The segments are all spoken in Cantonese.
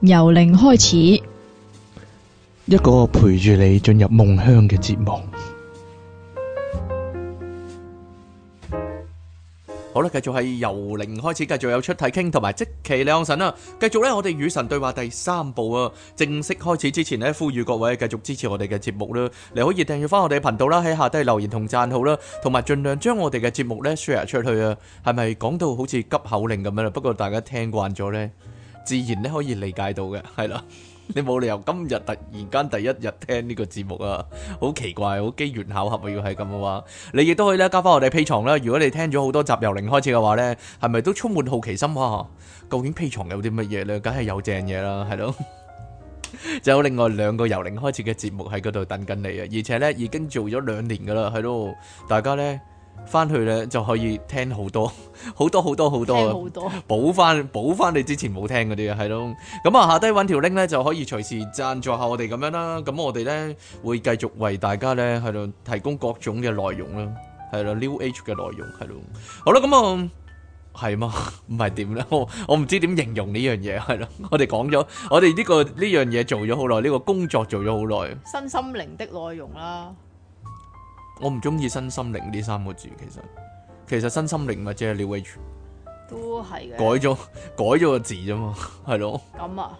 由零開始，一個陪住你進入夢鄉嘅節目。好啦，繼續係由零開始，繼續有出體傾，同埋即期亮神啦。繼續咧，我哋與神對話第三部啊，正式開始之前呢，呼籲各位繼續支持我哋嘅節目啦。你可以訂閱翻我哋頻道啦，喺下低留言同讚好啦，同埋盡量將我哋嘅節目咧 share 出去啊。係咪講到好似急口令咁樣啦？不過大家聽慣咗呢。自然咧可以理解到嘅，係啦，你冇理由今日突然間第一日聽呢個節目啊，好奇怪，好機緣巧合啊。要係咁嘅話，你亦都可以咧加翻我哋 P 床啦。如果你聽咗好多集由零開始嘅話呢，係咪都充滿好奇心哇、啊？究竟 P 床有啲乜嘢呢？梗係有正嘢啦，係咯，有另外兩個由零開始嘅節目喺嗰度等緊你啊，而且呢已經做咗兩年噶啦，係咯，大家呢。翻去咧就可以聽好多好多好多好多，補翻補翻你之前冇聽嗰啲啊，係咯。咁、嗯、啊下低揾條 link 咧就可以隨時贊助下我哋咁樣啦。咁、嗯、我哋咧會繼續為大家咧喺度提供各種嘅內容啦，係啦 New Age 嘅內容係咯。好啦，咁啊係嘛，唔係點咧？我我唔知點形容呢樣嘢係咯。我哋講咗，我哋呢、這個呢樣嘢做咗好耐，呢、這個工作做咗好耐。身心靈的內容啦。我唔中意新心靈呢三個字，其實其實新心靈咪即係 New Age，都係嘅。改咗改咗個字啫嘛，係咯。咁啊，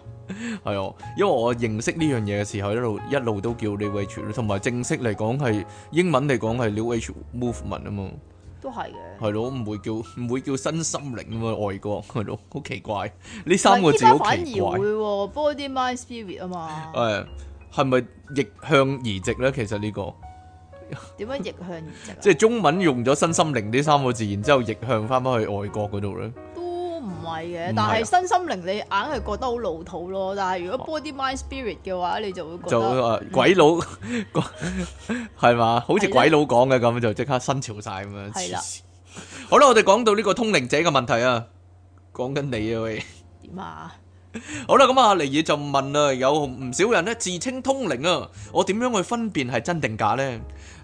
係哦，因為我認識呢樣嘢嘅時候，一路一路都叫 New Age，同埋正式嚟講係英文嚟講係 New Age Movement 啊嘛，都係嘅。係咯，唔會叫唔會叫新心靈啊嘛，外國係咯，好奇怪呢三個字好奇怪。反而會 Body Mind Spirit 啊嘛，誒，係咪逆向移植咧？其實呢個。點樣逆向移植？即係中文用咗身心靈呢三個字，然之後逆向翻翻去外國嗰度咧，都唔係嘅。但係身心靈你硬係覺得好老土咯。但係如果 body mind spirit 嘅話，你就會覺得鬼佬係嘛？好似鬼佬講嘅咁，就即刻新潮晒咁樣。係啦，好啦，我哋講到呢個通靈者嘅問題啊，講緊你啊，喂，點啊？好啦，咁啊，尼爾就問啦，有唔少人咧自稱通靈啊，我點樣去分辨係真定假咧？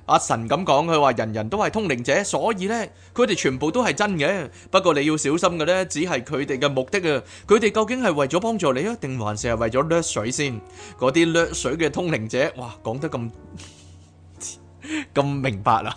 阿神咁講，佢話人人都係通靈者，所以咧佢哋全部都係真嘅。不過你要小心嘅咧，只係佢哋嘅目的啊。佢哋究竟係為咗幫助你啊，定還是係為咗掠水先？嗰啲掠水嘅通靈者，哇，講得咁咁 明白喇！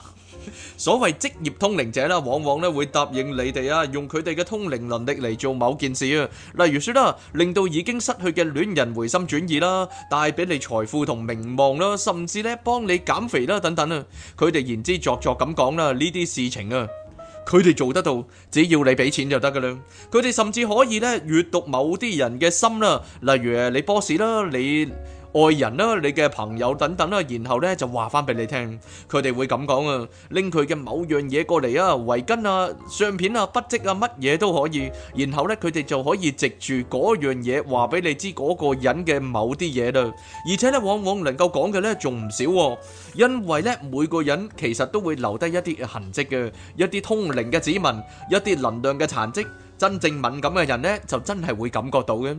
所謂職業通靈者啦，往往咧會答應你哋啊，用佢哋嘅通靈能力嚟做某件事啊，例如説啦，令到已經失去嘅戀人回心轉意啦，帶俾你財富同名望啦，甚至咧幫你減肥啦等等啊，佢哋言之鑿鑿咁講啦，呢啲事情啊，佢哋做得到，只要你俾錢就得噶啦，佢哋甚至可以咧閲讀某啲人嘅心啦，例如你 boss 啦，你，愛人啦、啊，你嘅朋友等等啦、啊，然後咧就話翻俾你聽，佢哋會咁講啊，拎佢嘅某樣嘢過嚟啊，圍巾啊、相片啊、筆跡啊，乜嘢都可以。然後咧，佢哋就可以藉住嗰樣嘢話俾你知嗰個人嘅某啲嘢啦。而且咧，往往能夠講嘅咧仲唔少、啊，因為咧每個人其實都會留低一啲痕迹嘅，一啲通靈嘅指紋，一啲能量嘅殘迹。真正敏感嘅人呢，就真係會感覺到嘅。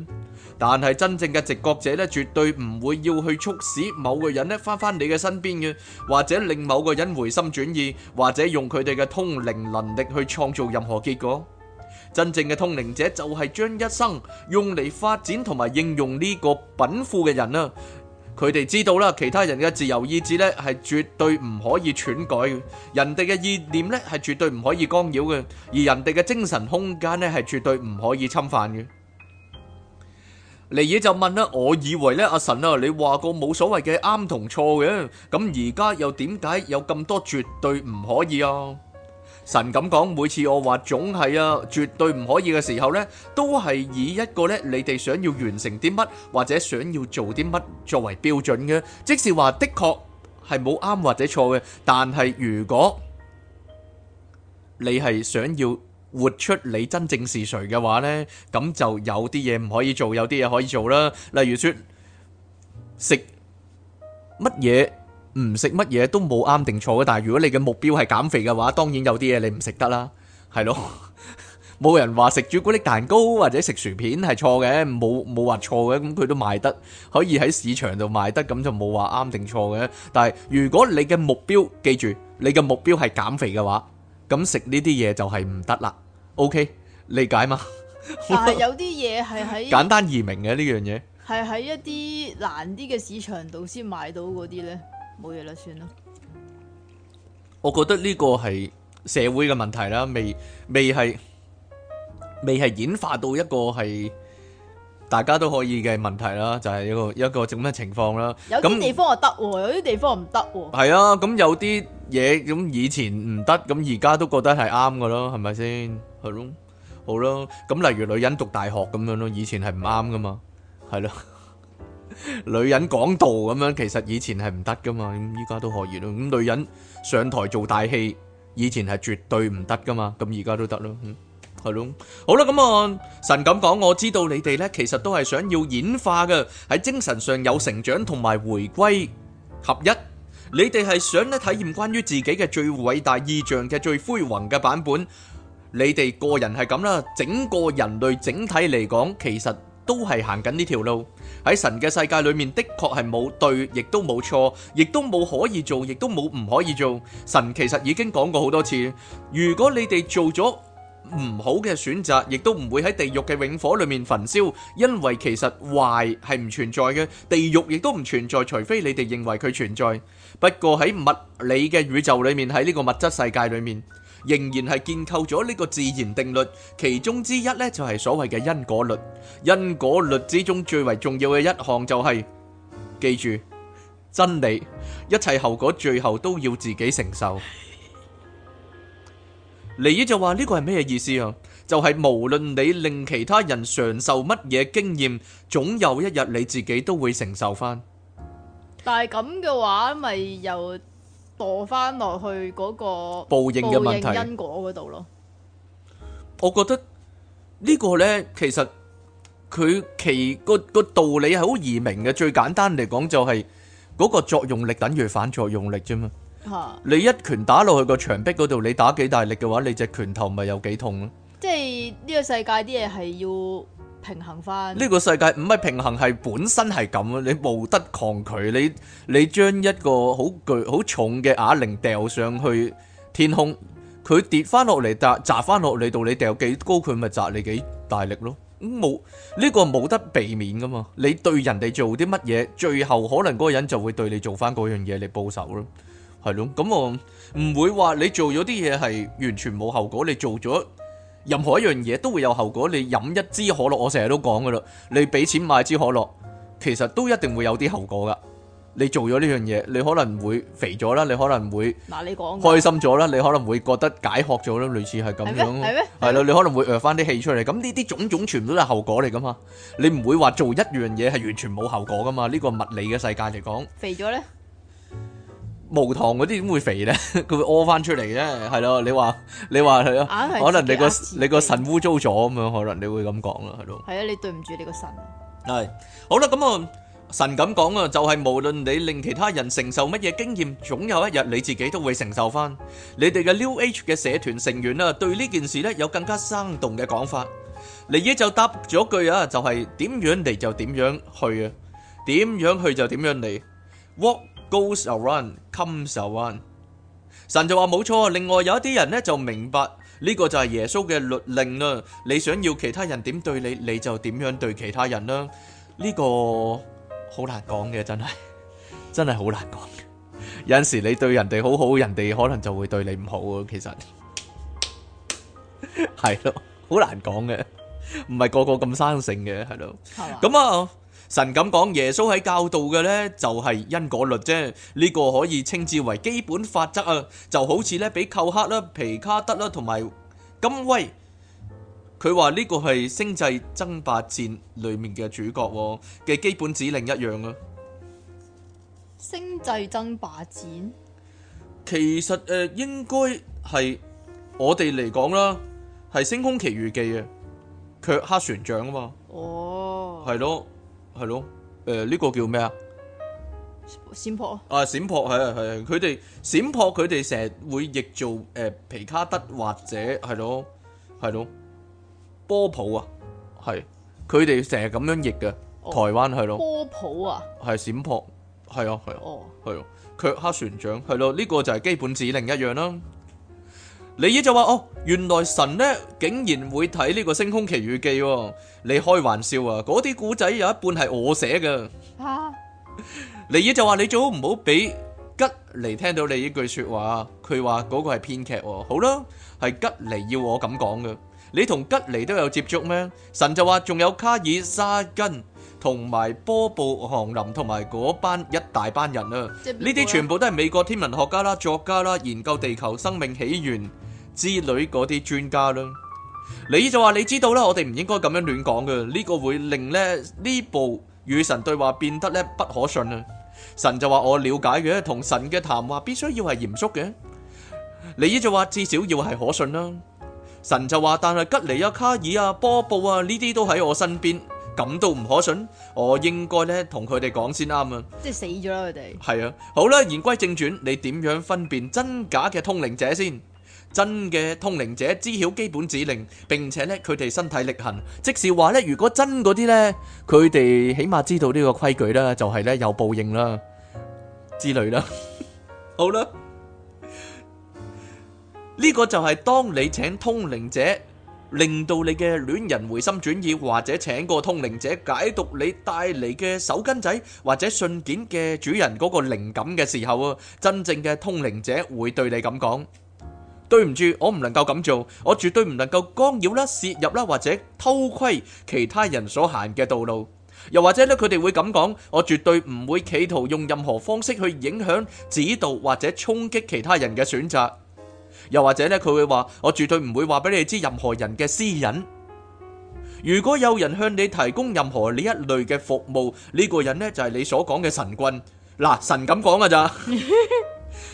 但係真正嘅直覺者呢，絕對唔會要去促使某個人呢返返你嘅身邊嘅，或者令某個人回心轉意，或者用佢哋嘅通靈能力去創造任何結果。真正嘅通靈者就係將一生用嚟發展同埋應用呢個稟賦嘅人啦。佢哋知道啦，其他人嘅自由意志咧係絕對唔可以篡改嘅，人哋嘅意念咧係絕對唔可以干擾嘅，而人哋嘅精神空間咧係絕對唔可以侵犯嘅。尼爾就問啦，我以為咧，阿、啊、神啊，你話過冇所謂嘅啱同錯嘅，咁而家又點解有咁多絕對唔可以啊？神咁講，每次我話總係啊，絕對唔可以嘅時候呢，都係以一個呢：「你哋想要完成啲乜或者想要做啲乜作為標準嘅。即使話的確係冇啱或者錯嘅」，但係如果你係想要活出你真正是誰嘅話呢，咁就有啲嘢唔可以做，有啲嘢可以做啦。例如說食乜嘢。唔食乜嘢都冇啱定錯嘅，但係如果你嘅目標係減肥嘅話，當然有啲嘢你唔食得啦，係咯，冇人話食朱古力蛋糕或者食薯片係錯嘅，冇冇話錯嘅，咁佢都賣得，可以喺市場度賣得，咁就冇話啱定錯嘅。但係如果你嘅目標，記住你嘅目標係減肥嘅話，咁食呢啲嘢就係唔得啦。OK，理解嘛？其實有啲嘢係喺簡單易明嘅呢樣嘢，係喺一啲難啲嘅市場度先買到嗰啲呢。冇嘢啦，算啦。我覺得呢個係社會嘅問題啦，未未係未係演化到一個係大家都可以嘅問題啦，就係一個一個咁嘅情況啦。有啲地方啊得喎，有啲地方唔得喎。係啊，咁有啲嘢咁以前唔得，咁而家都覺得係啱噶咯，係咪先？係咯，好咯。咁例如女人讀大學咁樣咯，以前係唔啱噶嘛，係咯。女人講道咁樣，其實以前係唔得噶嘛，咁依家都可以咯。咁女人上台做大戲，以前係絕對唔得噶嘛，咁而家都得咯，係咯。好啦，咁啊，神咁講，我知道你哋咧，其實都係想要演化嘅，喺精神上有成長同埋回歸合一。你哋係想咧體驗關於自己嘅最偉大意象嘅最輝煌嘅版本。你哋個人係咁啦，整個人類整體嚟講，其實。都係行緊呢條路。喺神嘅世界裏面，的確係冇對，亦都冇錯，亦都冇可以做，亦都冇唔可以做。神其實已經講過好多次，如果你哋做咗唔好嘅選擇，亦都唔會喺地獄嘅永火裏面焚燒，因為其實壞係唔存在嘅。地獄亦都唔存在，除非你哋認為佢存在。不過，喺物理嘅宇宙裏面，喺呢個物質世界裏面。仍然係建構咗呢個自然定律，其中之一呢就係所謂嘅因果律。因果律之中最為重要嘅一項就係記住真理，一切後果最後都要自己承受。嚟，呢就話呢個係咩意思啊？就係無論你令其他人嘗受乜嘢經驗，總有一日你自己都會承受翻。但係咁嘅話，咪又？墮翻落去嗰個報應嘅問題、因果嗰度咯。我覺得呢個呢，其實佢其個個道理係好易明嘅。最簡單嚟講就係嗰個作用力等於反作用力啫嘛。啊、你一拳打落去個牆壁嗰度，你打幾大力嘅話，你隻拳頭咪有幾痛咯。即係呢個世界啲嘢係要，平衡翻，呢個世界唔係平衡，係本身係咁啊！你冇得抗拒，你你將一個好巨好重嘅啞鈴掉上去天空，佢跌翻落嚟，但砸翻落嚟到你掉幾高，佢咪砸你幾大力咯？咁冇呢個冇得避免噶嘛！你對人哋做啲乜嘢，最後可能嗰個人就會對你做翻嗰樣嘢你報仇咯，係咯？咁、嗯嗯、我唔會話你做咗啲嘢係完全冇後果，你做咗。任何一樣嘢都會有後果。你飲一支可樂，我成日都講噶啦。你俾錢買支可樂，其實都一定會有啲後果噶。你做咗呢樣嘢，你可能會肥咗啦，你可能會，嗱你講，開心咗啦，你可能會覺得解渴咗啦，類似係咁樣，係咩？係咯，你可能會誒翻啲氣出嚟。咁呢啲種種全部都係後果嚟噶嘛？你唔會話做一樣嘢係完全冇後果噶嘛？呢個物理嘅世界嚟講，肥咗呢。無糖嗰啲點會肥咧？佢會屙翻出嚟啫，係咯？你話你話係咯？可能你個你個腎污糟咗咁樣，可能你會咁講咯，係咯？係啊，你對唔住你個腎。係好啦，咁啊，神咁講啊，就係無論你令其他人承受乜嘢經驗，總有一日你自己都會承受翻。你哋嘅 New Age 嘅社團成員啦，對呢件事咧有更加生動嘅講法。尼耶就答咗句啊，就係點樣嚟，就點樣去啊，點樣去就點樣嚟。walk Goes around, comes around。神就話冇錯，另外有一啲人咧就明白呢個就係耶穌嘅律令啦。你想要其他人點對你，你就點樣對其他人啦。呢個好難講嘅，真係真係好難講。有陣時你對人哋好好，人哋可能就會對你唔好啊。其實係咯，好難講嘅，唔係個個咁生性嘅，係咯。咁啊。神咁講耶穌喺教導嘅呢，就係、是、因果律啫。呢、這個可以稱之為基本法則啊，就好似咧俾寇克啦、皮卡德啦同埋金威，佢話呢個係星際爭霸戰裏面嘅主角嘅、啊、基本指令一樣啊。星際爭霸戰其實誒、呃，應該係我哋嚟講啦，係《星空奇遇記》啊，寇克船長啊嘛，哦，係咯。係咯，誒呢個叫咩啊？閃破啊！閃破係啊係啊，佢哋閃破，佢哋成日會譯做誒皮卡德，或者係咯係咯波普啊，係佢哋成日咁樣譯嘅。台灣係咯波普啊，係閃破係啊係啊，係啊，卻黑船長係咯，呢個就係基本指令一樣啦。尼爾就話哦，原來神咧竟然會睇呢個《星空奇遇記》？你開玩笑啊！嗰啲古仔有一半係我寫嘅。吓、啊，尼爾 就話，你最好唔好俾吉尼聽到你呢句說話。佢話嗰個係編劇，哦。好啦，係吉尼要我咁講嘅。你同吉尼都有接觸咩？神就話，仲有卡爾沙根同埋波布杭林同埋嗰班一大班人啊！呢啲全部都係美國天文學家啦、作家啦，研究地球生命起源。之類嗰啲專家啦，你就話：你知道啦，我哋唔應該咁樣亂講嘅，呢個會令咧呢部與神對話變得咧不可信啊！神就話：我了解嘅，同神嘅談話必須要係嚴肅嘅。你就話：至少要係可信啦。神就話：但係吉尼啊、卡爾啊、波布啊呢啲都喺我身邊，咁都唔可信，我應該咧同佢哋講先啱啊！即係死咗啦佢哋。係啊，好啦，言歸正傳，你點樣分辨真假嘅通靈者先？真嘅通靈者知曉基本指令，並且咧佢哋身體力行，即是話咧，如果真嗰啲咧，佢哋起碼知道呢個規矩啦，就係咧有報應啦之類啦。好啦，呢個就係當你請通靈者令到你嘅戀人回心轉意，或者請個通靈者解讀你帶嚟嘅手巾仔或者信件嘅主人嗰個靈感嘅時候啊，真正嘅通靈者會對你咁講。對唔住，我唔能夠咁做，我絕對唔能夠干擾啦、涉入啦或者偷窺其他人所行嘅道路。又或者咧，佢哋會咁講，我絕對唔會企圖用任何方式去影響、指導或者衝擊其他人嘅選擇。又或者咧，佢會話，我絕對唔會話俾你知任何人嘅私隱。如果有人向你提供任何呢一類嘅服務，呢個人呢就係你所講嘅神棍。嗱，神咁講噶咋。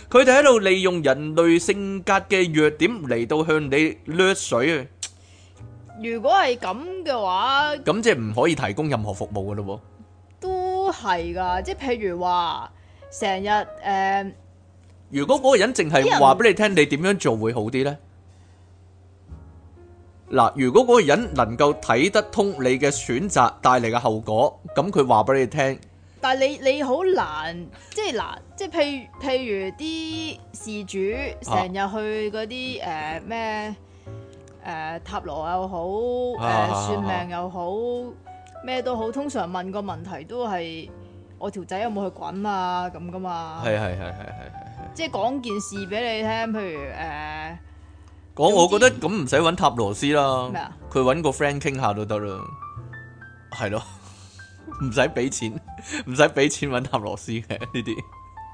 佢哋喺度利用人類性格嘅弱點嚟到向你掠水啊！如果係咁嘅話，咁即係唔可以提供任何服務噶咯？都係噶，即係譬如話成日誒，如果嗰個人淨係話俾你聽，你點樣做會好啲呢？嗱，如果嗰個人能夠睇得通你嘅選擇帶嚟嘅後果，咁佢話俾你聽。但係你，你好難，即係難，即係譬譬如啲事主成日去嗰啲誒咩誒塔羅又好，誒、啊啊、算命又好，咩、啊啊、都好，通常問個問題都係我條仔有冇去滾啊咁噶嘛。係係係係係係。即係講件事俾你聽，譬如誒，呃、講之我覺得咁唔使揾塔羅師啦，佢揾麼個 friend 傾下都得啦，係咯。 唔使俾錢，唔使俾錢揾塔羅斯嘅呢啲。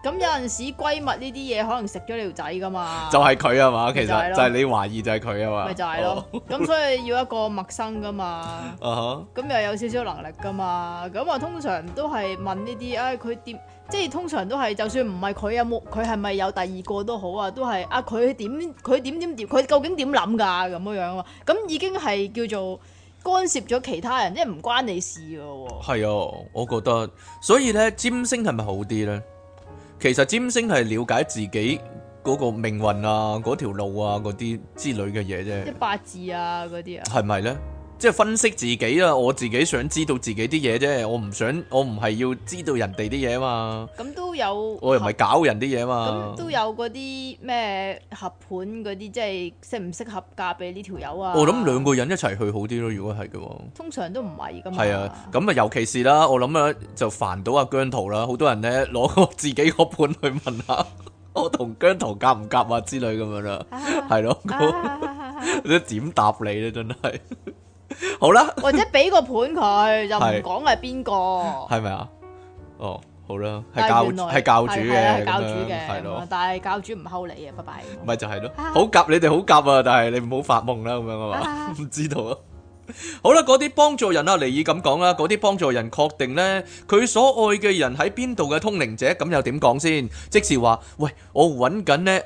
咁有陣時閨蜜呢啲嘢可能食咗你條仔噶嘛。就係佢啊嘛，其實就係你懷疑就係佢啊嘛。咪就係咯，咁、oh. 所以要一個陌生噶嘛。咁、uh huh. 又有少少能力噶嘛。咁我，通常都係問呢啲，唉、啊，佢點？即係通常都係，就算唔係佢有冇，佢係咪有第二個都好啊？都係，啊，佢點？佢點點點？佢究竟點諗噶？咁樣樣。咁已經係叫做。干涉咗其他人，即係唔關你的事咯。係啊，我覺得，所以咧，占星係咪好啲咧？其實占星係了解自己嗰個命運啊、嗰條路啊、嗰啲之類嘅嘢啫。即八字啊，嗰啲啊，係咪咧？即係分析自己啦，我自己想知道自己啲嘢啫，我唔想，我唔係要知道人哋啲嘢嘛。咁都有，我又唔係搞人啲嘢嘛。咁都有嗰啲咩合盤嗰啲，即係適唔適合嫁俾呢條友啊？我諗兩個人一齊去好啲咯，如果係嘅話。通常都唔係噶嘛。係啊，咁啊，尤其是啦，我諗啊，就煩到阿姜濤啦，好多人咧攞自己個盤去問下，我同姜濤夾唔夾啊之類咁樣啦，係咯，你點答你咧，真係。 好啦，或者俾個盤佢就唔講係邊個，係咪啊？哦，好啦，係教係教主嘅，係咯，但係教主唔收你啊，拜拜。唔係就係咯，好夾你哋好夾啊，但係你唔好發夢啦，咁樣啊嘛，唔知道啊。好啦，嗰啲幫助人啊，尼爾咁講啦，嗰啲幫助人確定咧，佢所愛嘅人喺邊度嘅通靈者咁又點講先？即時話喂，我搵緊咧，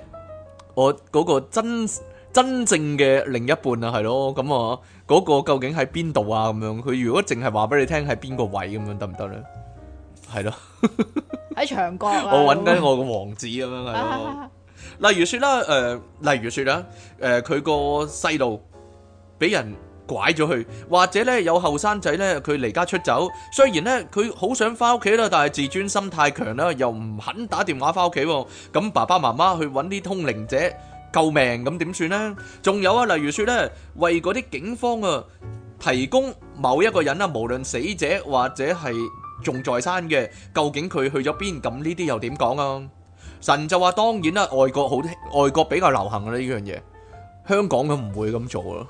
我嗰個真真正嘅另一半啊，係咯咁啊。嗰個究竟喺邊度啊？咁樣佢如果淨係話俾你聽喺邊個位咁樣得唔得咧？係咯，喺 長江啊。我搵緊我個王子咁樣咯。例如說啦，誒、呃，例如說啦，誒，佢個細路俾人拐咗去，或者咧有後生仔咧佢離家出走，雖然咧佢好想翻屋企啦，但係自尊心太強啦，又唔肯打電話翻屋企喎。咁爸爸媽媽去搵啲通靈者。救命咁點算呢？仲有啊，例如說呢，為嗰啲警方啊提供某一個人啊，無論死者或者係仲在生嘅，究竟佢去咗邊？咁呢啲又點講啊？神就話當然啦，啊，外國好，外國比較流行嘅呢樣嘢，香港都唔會咁做咯。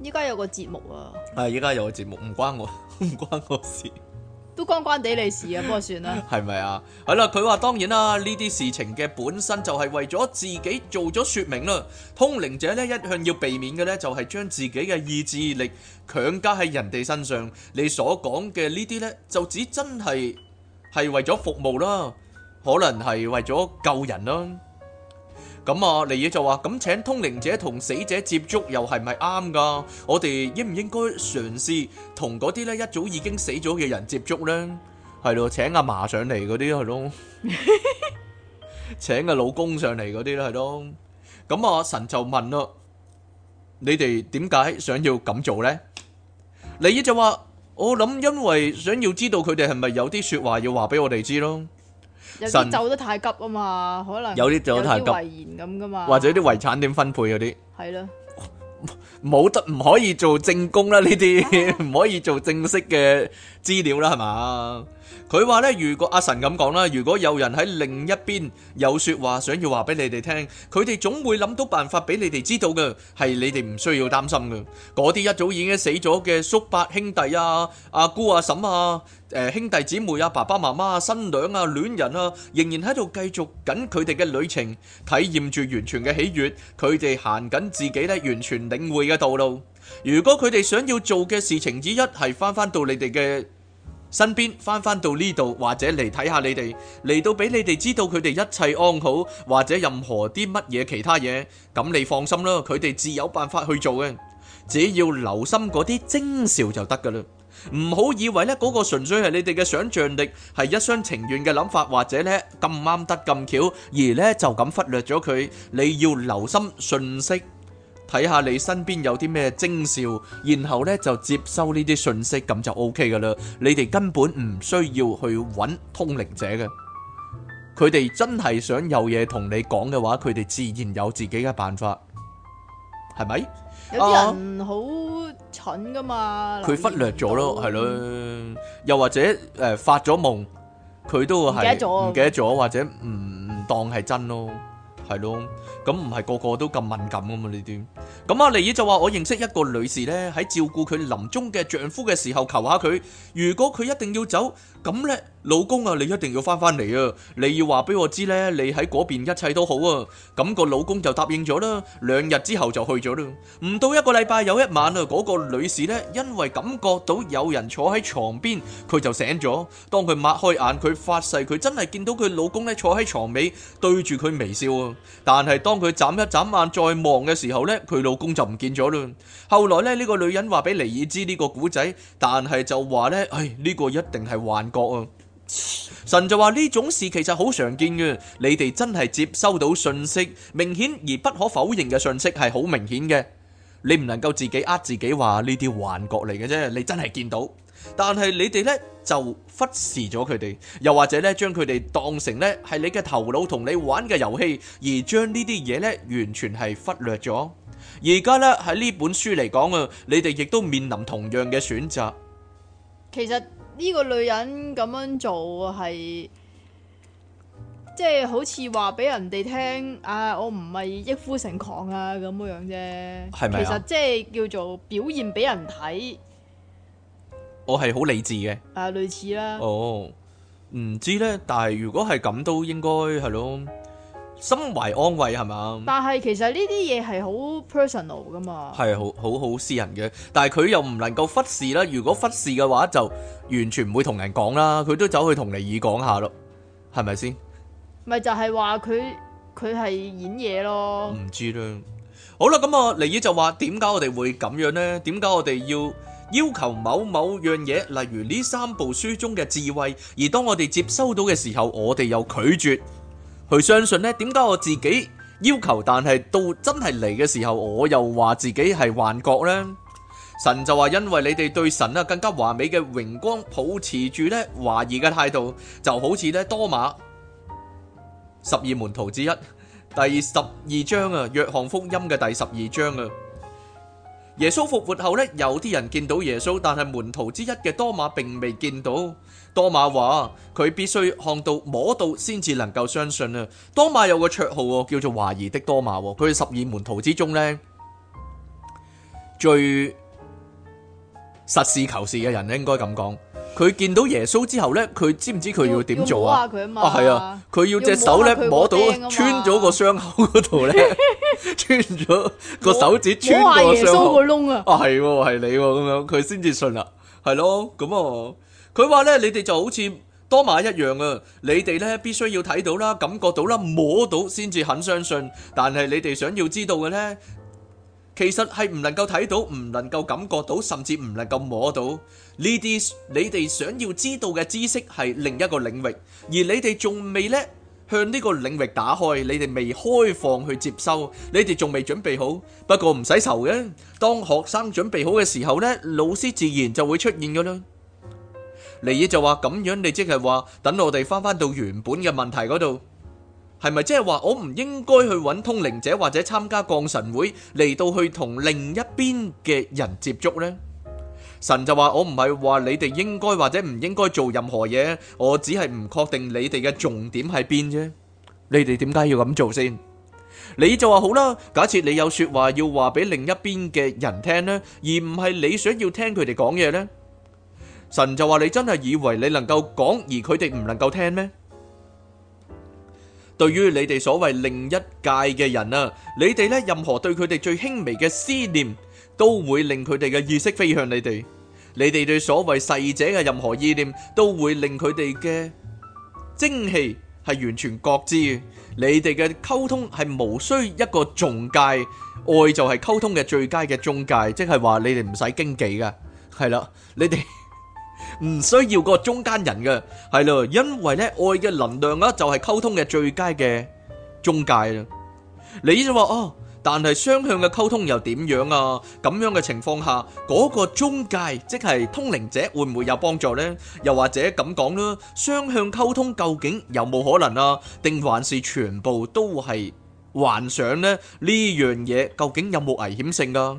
依家有個節目啊，係依家有個節目，唔關我，唔關我事。都關關地你事啊，不過算啦。係咪 啊？係啦，佢話當然啦，呢啲事情嘅本身就係為咗自己做咗説明啦。通靈者咧一向要避免嘅咧，就係將自己嘅意志力強加喺人哋身上。你所講嘅呢啲咧，就只真係係為咗服務啦，可能係為咗救人啦。咁啊，尼爾就話咁，請通靈者同死者接觸，又係咪啱㗎？我哋應唔應該嘗試同嗰啲呢一早已經死咗嘅人接觸呢？係咯，請阿嫲上嚟嗰啲係咯，請個老公上嚟嗰啲咧係咯。咁啊，神就問啦：你哋點解想要咁做呢？尼爾就話：我諗因為想要知道佢哋係咪有啲說話要話俾我哋知咯。有啲做得太急啊嘛，可能有啲做得太急，遺言咁噶嘛，或者啲遺產點分配嗰啲，係咯，冇得唔可以做正工啦呢啲，唔 可以做正式嘅。資料啦，係嘛？佢話咧，如果阿神咁講啦，如果有人喺另一邊有説話想要話俾你哋聽，佢哋總會諗到辦法俾你哋知道嘅，係你哋唔需要擔心嘅。嗰啲一早已經死咗嘅叔伯兄弟啊、阿姑阿嬸啊、誒、呃、兄弟姊妹啊、爸爸媽媽啊、新娘啊、戀人啊，仍然喺度繼續緊佢哋嘅旅程，體驗住完全嘅喜悦。佢哋行緊自己咧完全領會嘅道路。如果佢哋想要做嘅事情之一係返返到你哋嘅，身邊翻翻到呢度，或者嚟睇下你哋嚟到俾你哋知道佢哋一切安好，或者任何啲乜嘢其他嘢咁，你放心啦，佢哋自有辦法去做嘅。只要留心嗰啲徵兆就得噶啦，唔好以為呢嗰個純粹係你哋嘅想象力，係一廂情願嘅諗法，或者呢咁啱得咁巧而呢就咁忽略咗佢。你要留心訊息。睇下你身邊有啲咩徵兆，然後呢就接收呢啲信息，咁就 OK 噶啦。你哋根本唔需要去揾通靈者嘅，佢哋真係想有嘢同你講嘅話，佢哋自然有自己嘅辦法，係咪？有啲人好蠢噶嘛，佢、啊、忽略咗咯，係咯，又或者誒、呃、發咗夢，佢都係唔記得咗，或者唔當係真咯，係咯。咁唔係個個都咁敏感噶嘛？呢啲咁，阿尼爾就話：我認識一個女士咧，喺照顧佢臨終嘅丈夫嘅時候，求求下佢，如果佢一定要走。咁咧，老公啊，你一定要翻翻嚟啊！你要話俾我知咧，你喺嗰邊一切都好啊！咁個老公就答應咗啦，兩日之後就去咗啦。唔到一個禮拜，有一晚啊，嗰個女士咧，因為感覺到有人坐喺床邊，佢就醒咗。當佢擘開眼，佢發誓佢真係見到佢老公咧坐喺床尾對住佢微笑啊。但係當佢眨一眨眼再望嘅時候咧，佢老公就唔見咗啦。後來咧，呢個女人話俾尼爾知呢個古仔，但係就話咧，唉，呢個一定係幻。覺神就話，呢種事其實好常見嘅。你哋真係接收到信息，明顯而不可否認嘅信息係好明顯嘅，你唔能夠自己呃自己話呢啲幻覺嚟嘅啫，你真係見到，但係你哋呢，就忽視咗佢哋，又或者呢，將佢哋當成呢係你嘅頭腦同你玩嘅遊戲，而將呢啲嘢呢完全係忽略咗。而家呢，喺呢本書嚟講啊，你哋亦都面臨同樣嘅選擇。其實。呢個女人咁樣做係，即係好似話俾人哋聽，啊，我唔係一夫成狂啊咁樣啫。係咪啊？其實即係叫做表現俾人睇。我係好理智嘅。啊，類似啦。哦，唔知咧，但係如果係咁，都應該係咯。心懷安慰係嘛？但係其實呢啲嘢係好 personal 噶嘛？係好好好私人嘅，但係佢又唔能夠忽視啦。如果忽視嘅話，就完全唔會同人講啦。佢都走去同尼爾講下咯，係咪先？咪就係話佢佢係演嘢咯？唔知啦。好啦，咁啊，尼爾就話點解我哋會咁樣呢？點解我哋要要求某某樣嘢？例如呢三部書中嘅智慧，而當我哋接收到嘅時候，我哋又拒絕。佢相信呢，點解我自己要求，但係到真係嚟嘅時候，我又話自己係幻覺呢。神就話，因為你哋對神啊更加華美嘅榮光抱持住呢懷疑嘅態度，就好似呢多馬十二門徒之一，第十二章啊，約翰福音嘅第十二章啊，耶穌復活後呢有啲人見到耶穌，但係門徒之一嘅多馬並未見到。多馬話佢必須看到摸到先至能夠相信啊！多馬有個綽號叫做懷疑的多馬，佢係十二門徒之中咧最實事求是嘅人應該，應該咁講。佢見到耶穌之後咧，佢知唔知佢要點做要啊？佢啊嘛，係啊，佢要隻手咧摸到穿咗個傷口嗰度咧，穿咗個手指穿個傷口個窿啊！啊係、係你咁、啊、樣，佢先至信啦，係咯，咁啊。佢話咧，你哋就好似多瑪一樣啊！你哋咧必須要睇到啦，感覺到啦，摸到先至肯相信。但係你哋想要知道嘅咧，其實係唔能夠睇到，唔能夠感覺到，甚至唔能夠摸到呢啲你哋想要知道嘅知識係另一個領域，而你哋仲未咧向呢個領域打開，你哋未開放去接收，你哋仲未準備好。不過唔使愁嘅，當學生準備好嘅時候咧，老師自然就會出現噶啦。你就話咁樣，你即係話等我哋翻返到原本嘅問題嗰度，係咪即係話我唔應該去揾通靈者或者參加降神會嚟到去同另一邊嘅人接觸呢？神就話，我唔係話你哋應該或者唔應該做任何嘢，我只係唔確定你哋嘅重點喺邊啫。你哋點解要咁做先？你就話好啦，假設你有說話要話俾另一邊嘅人聽呢，而唔係你想要聽佢哋講嘢呢。神就話：你真係以為你能夠講而佢哋唔能夠聽咩？對於你哋所謂另一界嘅人啊，你哋咧任何對佢哋最輕微嘅思念，都會令佢哋嘅意識飛向你哋；你哋對所謂逝者嘅任何意念，都會令佢哋嘅精氣係完全覺知嘅。你哋嘅溝通係無需一個中介，愛就係溝通嘅最佳嘅中介，即係話你哋唔使經紀噶，係啦，你哋。唔需要個中間人嘅，係咯，因為呢愛嘅能量呢，就係溝通嘅最佳嘅中介啦。你就話哦，但係雙向嘅溝通又點樣啊？咁樣嘅情況下，嗰個中介即係通靈者會唔會有幫助呢？又或者咁講啦，雙向溝通究竟有冇可能啊？定還是全部都係幻想呢？呢樣嘢究竟有冇危險性啊？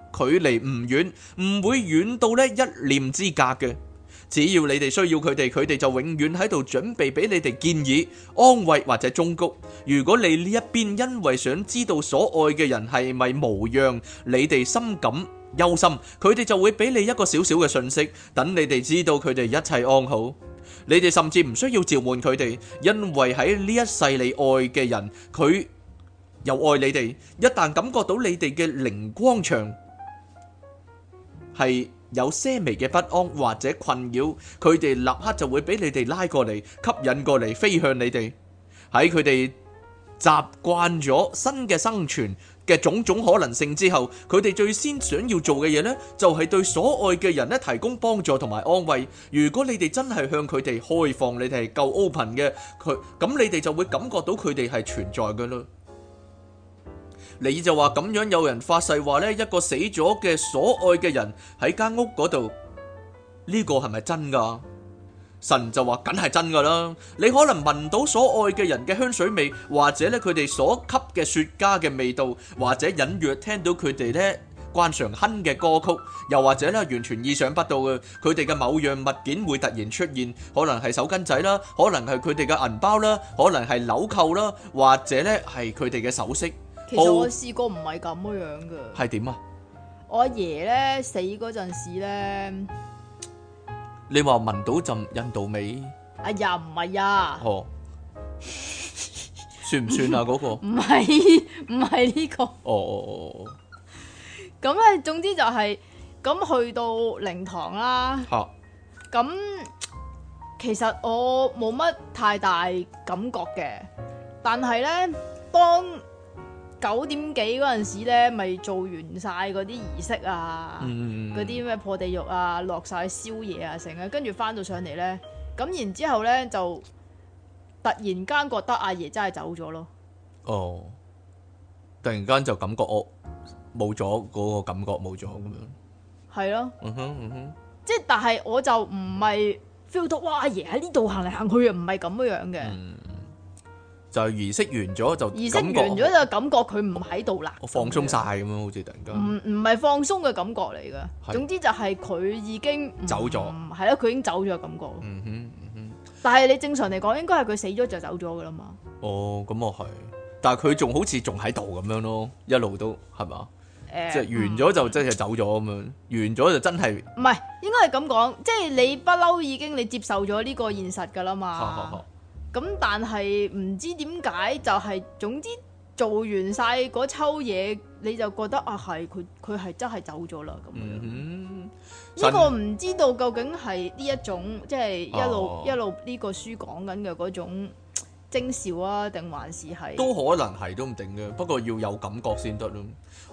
距離唔遠，唔會遠到呢一念之隔嘅。只要你哋需要佢哋，佢哋就永遠喺度準備俾你哋建議、安慰或者忠告。如果你呢一邊因為想知道所愛嘅人係咪無恙，你哋深感憂心，佢哋就會俾你一個小小嘅信息，等你哋知道佢哋一切安好。你哋甚至唔需要召喚佢哋，因為喺呢一世你愛嘅人，佢又愛你哋。一旦感覺到你哋嘅靈光場，係有些微嘅不安或者困擾，佢哋立刻就會俾你哋拉過嚟，吸引過嚟，飛向你哋。喺佢哋習慣咗新嘅生存嘅種種可能性之後，佢哋最先想要做嘅嘢呢，就係對所愛嘅人呢提供幫助同埋安慰。如果你哋真係向佢哋開放，你哋夠 open 嘅佢，咁你哋就會感覺到佢哋係存在嘅啦。你就話，咁樣有人發誓話呢一個死咗嘅所愛嘅人喺間屋嗰度，呢個係咪真噶？神就話，梗係真噶啦。你可能聞到所愛嘅人嘅香水味，或者咧佢哋所吸嘅雪茄嘅味道，或者隱約聽到佢哋呢慣常哼嘅歌曲，又或者咧完全意想不到嘅佢哋嘅某樣物件會突然出現，可能係手巾仔啦，可能係佢哋嘅銀包啦，可能係紐扣啦，或者咧係佢哋嘅首飾。其實我試過唔係咁樣嘅，係點啊？我阿爺咧死嗰陣時咧，你話聞到陣印度味？哎呀，唔係啊！哦，算唔算啊？嗰個唔係唔係呢個哦，哦，哦。咁咧，總之就係咁去到靈堂啦。吓，咁其實我冇乜太大感覺嘅，但係咧當，九點幾嗰陣時咧，咪做完晒嗰啲儀式啊，嗰啲咩破地獄啊，落晒宵夜啊，成日跟住翻到上嚟呢。咁然之後呢，就突然間覺得阿爺真係走咗咯。哦，突然間就感覺我冇咗嗰個感覺，冇咗咁樣。係咯。嗯哼，嗯哼。即係但係我就唔係 feel 到，哇！阿爺喺呢度行嚟行去又唔係咁樣嘅。嗯就儀式完咗就感儀式完咗就感覺佢唔喺度啦。我放鬆晒咁樣，好似突然間。唔唔係放鬆嘅感覺嚟噶，是總之就係佢已，了、嗯、已經走咗。係咯，佢已經走咗嘅感覺。嗯嗯、但係你正常嚟講，應該係佢死咗就走咗噶啦嘛。哦，咁我係，但係佢仲好似仲喺度咁樣咯，一路都係嘛？誒，即係、嗯、完咗就，就，就真係走咗咁樣，完咗就真係唔係應該係咁講，即、就、係、是、你不嬲已經你接受咗呢個現實㗎啦嘛。好好好。咁但係唔知點解就係、是、總之做完晒嗰抽嘢你就覺得啊係佢佢係真係走咗啦咁樣呢個唔知道究竟係呢一種即係、就是、一路、哦、一路呢個書講緊嘅嗰種徵兆啊定還是係都可能係都唔定嘅，不過要有感覺先得咯。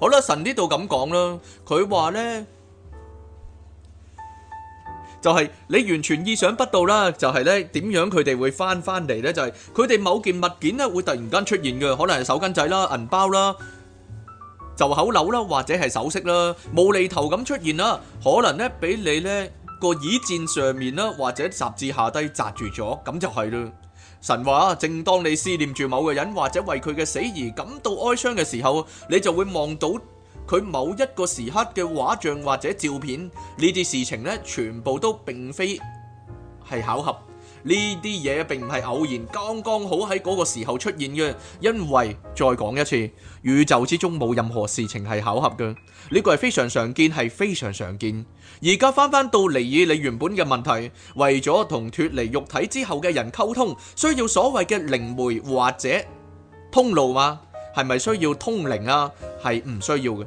好啦，神呢度咁講啦，佢話呢。就係你完全意想不到啦，就係咧點樣佢哋會返返嚟咧？就係佢哋某件物件咧，會突然間出現嘅，可能係手巾仔啦、銀包啦、袖口紐啦，或者係首飾啦，無厘頭咁出現啦，可能咧俾你咧個椅墊上面啦，或者雜誌下低扎住咗，咁就係啦。神話正當你思念住某個人，或者為佢嘅死而感到哀傷嘅時候，你就會望到。佢某一個時刻嘅畫像或者照片呢啲事情呢，全部都並非係巧合。呢啲嘢並唔係偶然，剛剛好喺嗰個時候出現嘅。因為再講一次，宇宙之中冇任何事情係巧合嘅。呢、這個係非常常見，係非常常見。而家翻翻到嚟尼爾你原本嘅問題，為咗同脫離肉體之後嘅人溝通，需要所謂嘅靈媒或者通路嘛、啊？係咪需要通靈啊？係唔需要嘅。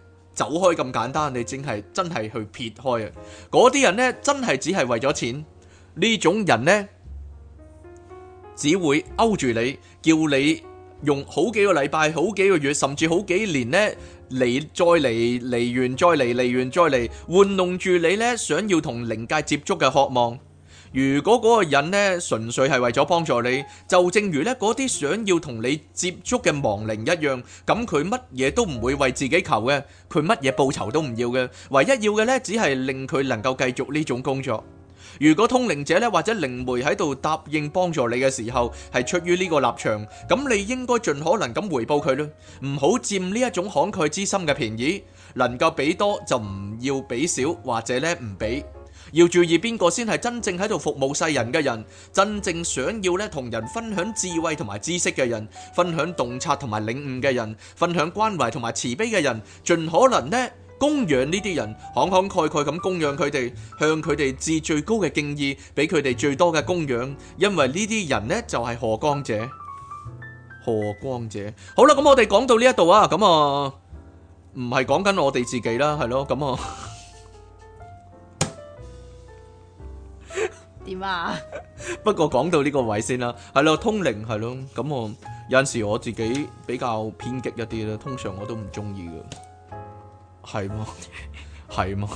走開咁簡單，你淨係真係去撇開啊！嗰啲人呢，真係只係為咗錢，呢種人呢，只會勾住你，叫你用好幾個禮拜、好幾個月，甚至好幾年呢，嚟再嚟，嚟完再嚟，嚟完再嚟，玩弄住你呢，想要同靈界接觸嘅渴望。如果嗰個人呢，純粹係為咗幫助你，就正如呢，嗰啲想要同你接觸嘅亡靈一樣，咁佢乜嘢都唔會為自己求嘅，佢乜嘢報酬都唔要嘅，唯一要嘅呢，只係令佢能夠繼續呢種工作。如果通靈者呢，或者靈媒喺度答應幫助你嘅時候係出於呢個立場，咁你應該盡可能咁回報佢咯，唔好佔呢一種慷慨之心嘅便宜，能夠俾多就唔要俾少，或者呢唔俾。要注意邊個先係真正喺度服務世人嘅人，真正想要咧同人分享智慧同埋知識嘅人，分享洞察同埋領悟嘅人，分享關懷同埋慈悲嘅人，盡可能呢供養呢啲人，慷慷慨慨咁供養佢哋，向佢哋致最高嘅敬意，俾佢哋最多嘅供養，因為呢啲人呢，就係荷光者，荷光者。好啦，咁我哋講到呢一度啊，咁啊，唔係講緊我哋自己啦，係咯，咁啊。呃點啊？ 不過講到呢個位先啦，係咯，通靈係咯，咁我有陣時我自己比較偏激一啲咧，通常我都唔中意噶，係嘛，係嘛，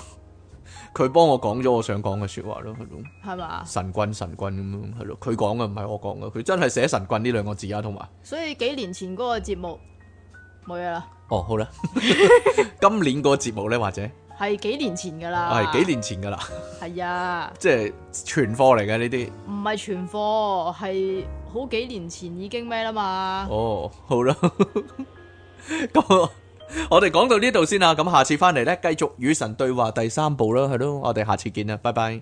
佢幫我講咗我想講嘅說話咯，係咯，係嘛吧，神君神君神棍神棍咁咯，係咯，佢講嘅唔係我講嘅，佢真係寫神棍呢兩個字啊，同埋，所以幾年前嗰個節目冇嘢啦，哦，好啦， 今年個節目咧或者。係幾年前噶啦，係、啊、幾年前噶啦，係啊， 即係存貨嚟嘅呢啲，唔係存貨，係好幾年前已經咩啦嘛。哦，好啦，咁 我哋講到呢度先啦，咁下次翻嚟咧，繼續與神對話第三部啦，係咯，我哋下次見啦，拜拜。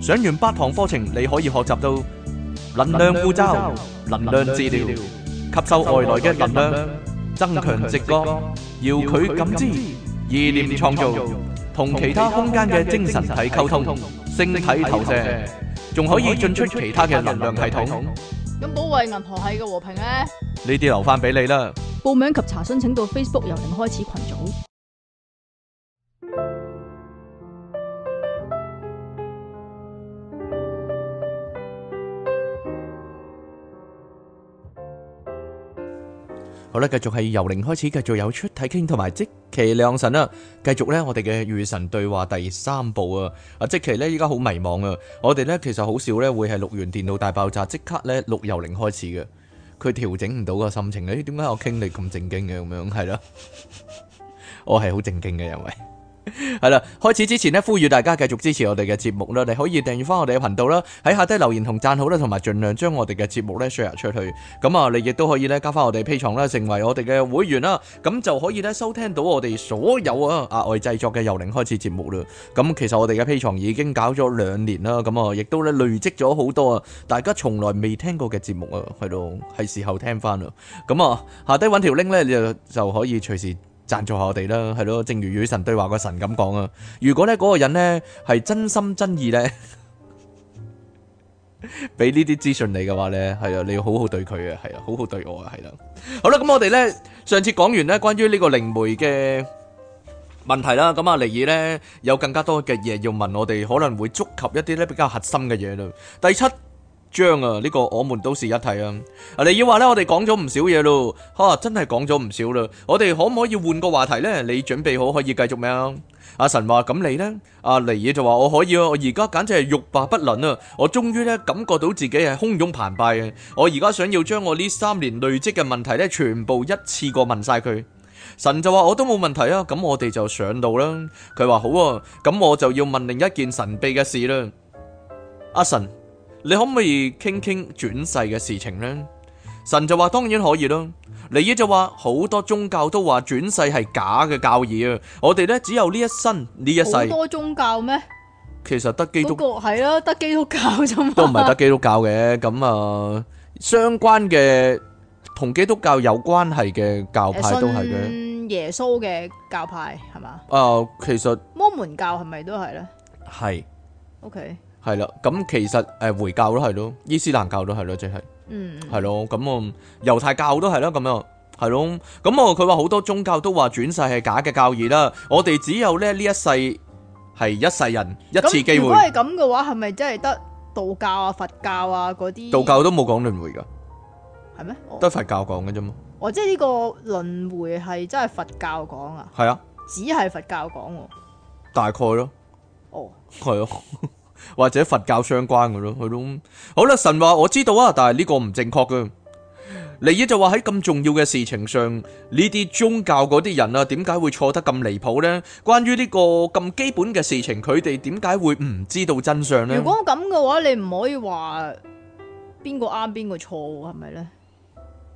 上完八堂課程，你可以學習到能量護罩、能量治療、吸收外來嘅能量、增強直覺、遙距感知、意念創造、同其他空間嘅精神體溝通、星體投射，仲可以進出其他嘅能量系統。咁保衛銀河系嘅和平咧？呢啲留翻俾你啦。報名及查詢請到 Facebook 由零開始群組。好啦，繼續係由零開始，繼續有出睇傾同埋即其亮神啦。繼續咧，我哋嘅與神對話第三部啊。啊，即其咧，依家好迷茫啊。我哋咧其實好少咧會係錄完電腦大爆炸即刻咧錄由零開始嘅。佢調整唔到個心情。咦，點解我傾你咁正經嘅咁樣？係咯， 我係好正經嘅，因為。係啦，開始之前咧，呼籲大家繼續支持我哋嘅節目啦，你可以訂閱翻我哋嘅頻道啦，喺下低留言同讚好啦，同埋盡量將我哋嘅節目咧 share 出去。咁啊，你亦都可以咧加翻我哋 P 床，啦，成為我哋嘅會員啦，咁就可以咧收聽到我哋所有啊額外製作嘅由零開始節目啦。咁其實我哋嘅 P 床已經搞咗兩年啦，咁啊亦都咧累積咗好多啊大家從來未聽過嘅節目啊，係度係時候聽翻啦。咁啊下低揾條 link 咧，你就就可以隨時。贊助下我哋啦，係咯，正如與神對話個神咁講啊，如果咧嗰個人咧係真心真意咧，俾呢啲資訊你嘅話咧，係啊，你要好好對佢啊，係啊，好好對我啊，係啦。好啦，咁我哋咧上次講完咧關於呢個靈媒嘅問題啦，咁啊嚟爾咧有更加多嘅嘢要問我哋，可能會觸及一啲咧比較核心嘅嘢啦。第七。張啊，呢個我們都是一體啊。阿尼爾話咧，我哋講咗唔少嘢咯，吓，真係講咗唔少啦。我哋可唔可以換個話題咧？你準備好可以繼續咩啊？阿神話咁你咧，阿尼爾就話我可以啊。我而家簡直係欲罷不能啊！我終於咧感覺到自己係洶湧澎湃啊！我而家想要將我呢三年累積嘅問題咧，全部一次過問晒佢。神就話我都冇問題啊。咁我哋就上路啦。佢話好啊，咁我就要問另一件神秘嘅事啦。阿神。你可唔可以傾傾轉世嘅事情咧？神就話當然可以啦。尼爾就話好多宗教都話轉世係假嘅教義啊！我哋咧只有呢一生，呢一世。多宗教咩？其實得基督係咯，得、那個啊，基督教啫。都唔係得基督教嘅，咁啊，相關嘅同基督教有關係嘅教派都係嘅。信耶穌嘅教派係嘛？啊、哦，其實。摩門教係咪都係咧？係是。O K。係啦，咁、嗯、其實誒回教咯，係咯伊斯蘭教都係咯，即、嗯、係，係咯咁啊，猶太教都係咯，咁樣係咯，咁我佢話好多宗教都話轉世係假嘅教義啦，我哋只有咧呢一世係一世人一次機會、嗯。如果係咁嘅話，係咪真係得道教啊、佛教啊嗰啲？道教都冇講輪回噶，係咩嗎？得佛教講嘅啫嘛。哦，即係呢個輪回係真係佛教講啊？係啊的，只係佛教講，的大概咯。哦、oh. 對了，係咯。或者佛教相關嘅咯，係咯，好啦，神話我知道啊，但係呢個唔正確嘅。尼爾就話喺咁重要嘅事情上，呢啲宗教嗰啲人啊，點解會錯得咁離譜呢？關於呢個咁基本嘅事情，佢哋點解會唔知道真相呢？如果咁嘅話，你唔可以話邊個啱邊個錯係咪呢？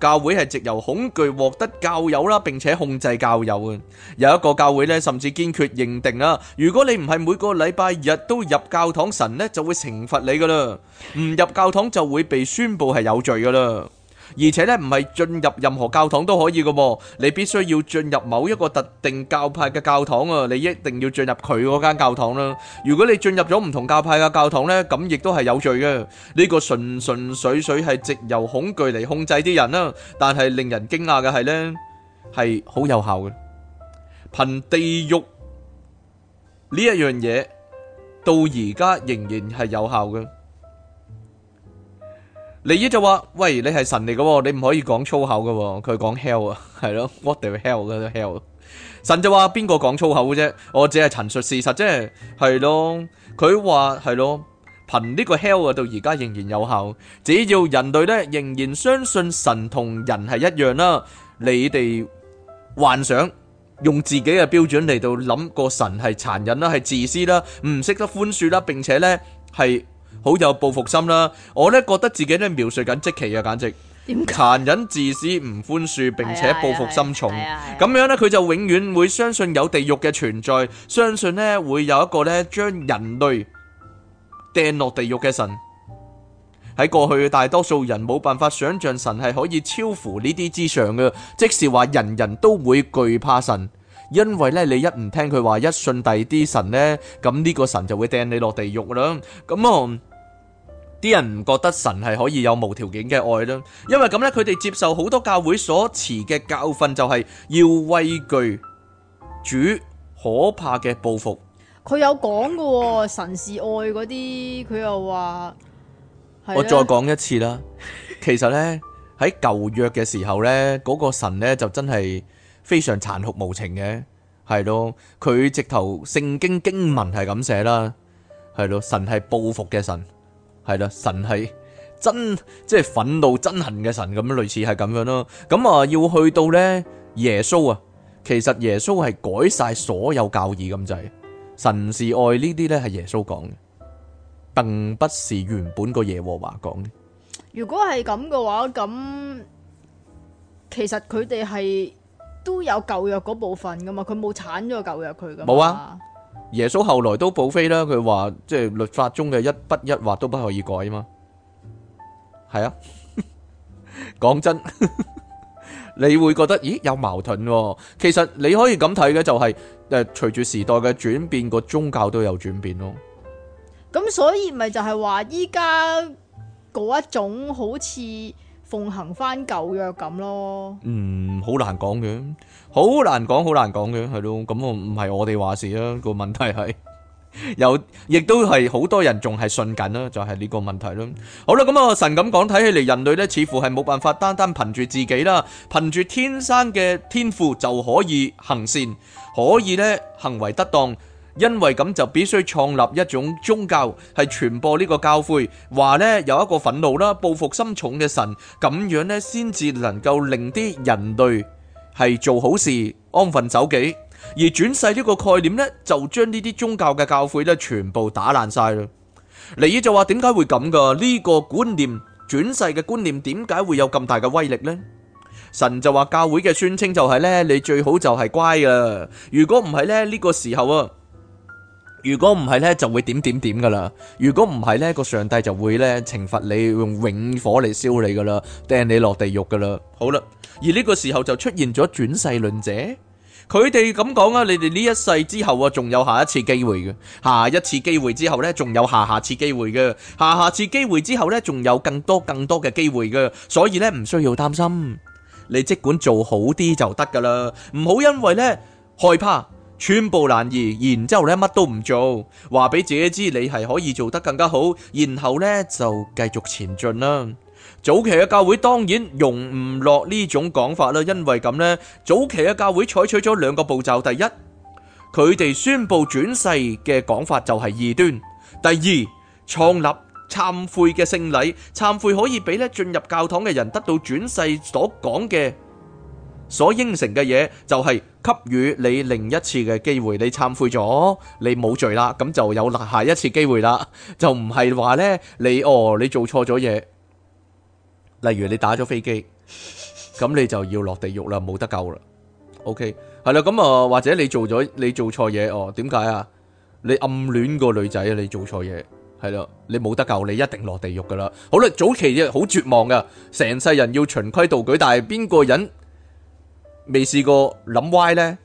教會係藉由恐懼獲得教友啦，並且控制教友嘅。有一個教會咧，甚至堅決認定啊，如果你唔係每個禮拜日都入教堂神，神咧就會懲罰你噶啦，唔入教堂就會被宣布係有罪噶啦。而且咧，唔係進入任何教堂都可以噶，你必須要進入某一個特定教派嘅教堂啊！你一定要進入佢嗰間教堂啦。如果你進入咗唔同教派嘅教堂咧，咁亦都係有罪嘅。呢個純純粹粹係藉由恐懼嚟控制啲人啦。但係令人驚訝嘅係咧，係好有效嘅，憑地獄呢一樣嘢到而家仍然係有效嘅。利益就話，喂，你係神嚟噶，你唔可以講粗口噶。佢講 hell 啊，係咯，what the hell 嘅都 hell。神就話邊個講粗口嘅啫？我只係陳述事實啫，係咯。佢話係咯，憑呢個 hell 啊，到而家仍然有效。只要人類咧仍然相信神同人係一樣啦，你哋幻想用自己嘅標準嚟到諗個神係殘忍啦，係自私啦，唔識得寬恕啦，並且咧係。好有報復心啦！我咧覺得自己咧描述緊即期啊，簡直殘忍自私、唔寬恕，並且報復心重。咁、哎哎哎、樣咧，佢就永遠會相信有地獄嘅存在，相信呢會有一個咧將人類掟落地獄嘅神。喺過去大多數人冇辦法想象神係可以超乎呢啲之上嘅，即是話人人都會懼怕神，因為咧你一唔聽佢話，一信第啲神呢，咁呢個神就會掟你落地獄啦。咁啊～啲人唔覺得神係可以有無條件嘅愛啦，因為咁呢，佢哋接受好多教會所持嘅教訓，就係要畏懼主可怕嘅報復。佢有講過神是愛嗰啲，佢又話我再講一次啦。 其實呢，喺舊約嘅時候呢，嗰、嗰個神呢，就真係非常殘酷無情嘅，係咯。佢直頭聖經經文係咁寫啦，係咯，神係報復嘅神。係啦，神係真即係憤怒憎恨嘅神咁類似係咁樣咯。咁啊要去到咧耶穌啊，其實耶穌係改晒所有教義，咁就係，神是愛呢啲咧係耶穌講嘅，並不是原本個耶和華講嘅。如果係咁嘅話，咁其實佢哋係都有舊約嗰部分噶嘛，佢冇鏟咗舊約佢噶。冇啊。耶穌後來都補飛啦，佢話即係律法中嘅一筆一畫都不可以改嘛，係啊，講 真的， 你會覺得咦有矛盾、哦？其實你可以咁睇嘅就係、是、誒，隨、呃、住時代嘅轉變，個宗教都有轉變咯。咁所以咪就係話依家嗰一種好似奉行翻舊約咁咯。嗯，好難講嘅。好難講，好難講嘅係咯，咁啊唔係我哋話事啦，個問題係有，亦都係好多人仲係信緊啦，就係呢個問題咯。好啦，咁啊神咁講，睇起嚟人類呢似乎係冇辦法單單憑住自己啦，憑住天生嘅天賦就可以行善，可以呢行為得當，因為咁就必須創立一種宗教，係傳播呢個教誨，話呢有一個憤怒啦、報復心重嘅神，咁樣呢先至能夠令啲人類。係做好事安分守己，而轉世呢個概念呢，就將呢啲宗教嘅教誨呢全部打爛晒啦。尼爾就話：點解會咁噶？呢個觀念轉世嘅觀念，點解會有咁大嘅威力呢？神就話：教會嘅宣稱就係呢：「你最好就係乖啊！如果唔係呢，呢個時候啊。如果唔係呢，就會點點點噶啦。如果唔係呢，個上帝就會呢，懲罰你，用永火嚟燒你噶啦，掟你落地獄噶啦。好啦，而呢個時候就出現咗轉世論者，佢哋咁講啊，你哋呢一世之後啊，仲有下一次機會嘅，下一次機會之後呢，仲有下下次機會嘅，下下次機會之後呢，仲有更多更多嘅機會嘅，所以呢，唔需要擔心，你即管做好啲就得噶啦，唔好因為呢，害怕。寸步難移，然之後咧，乜都唔做，話俾自己知你係可以做得更加好，然後咧就繼續前進啦。早期嘅教會當然容唔落呢種講法啦，因為咁呢，早期嘅教會採取咗兩個步驟：第一，佢哋宣佈轉世嘅講法就係異端；第二，創立懺悔嘅聖禮，懺悔可以俾咧進入教堂嘅人得到轉世所講嘅。所應承嘅嘢就係給予你另一次嘅機會，你懺悔咗，你冇罪啦，咁就有下一次機會啦，就唔係話呢，你哦，你做錯咗嘢，例如你打咗飛機，咁你就要落地獄啦，冇得救啦。OK，係啦，咁、嗯、啊或者你做咗你做錯嘢哦，點解啊？你暗戀個女仔，你做錯嘢，係啦，你冇得救，你一定落地獄噶啦。好啦，早期嘅好絕望噶，成世人要循規蹈矩，但係邊個人？未試過諗歪咧，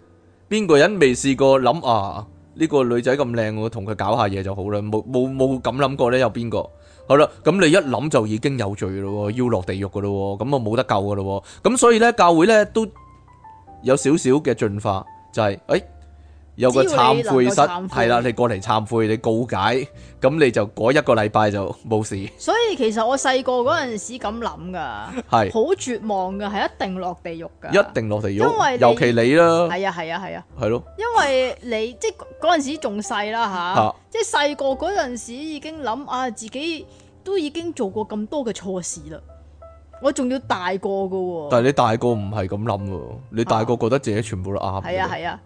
邊個人未試過諗啊？呢個女仔咁靚，我同佢搞下嘢，就好啦，冇冇冇咁諗過咧？有邊個？好啦，咁你一諗就已經有罪咯，要落地獄噶咯，咁啊冇得救噶咯，咁所以咧教會咧都有少少嘅進化，就係誒。有個懺悔室，係啦、啊，你過嚟懺悔，你告解，咁你就嗰一個禮拜就冇事。所以其實我細個嗰陣時咁諗噶，係係好絕望噶，係一定落地獄噶，一定落地獄，因為尤其你啦，係啊係啊係啊，係咯、啊，啊啊啊、因為你即係嗰陣時仲細啦吓，即係細個嗰陣時已經諗啊自己都已經做過咁多嘅錯事啦，我仲要大個噶、喔，但係你大個唔係咁諗喎，你大個覺得自己全部都啱，係啊係啊。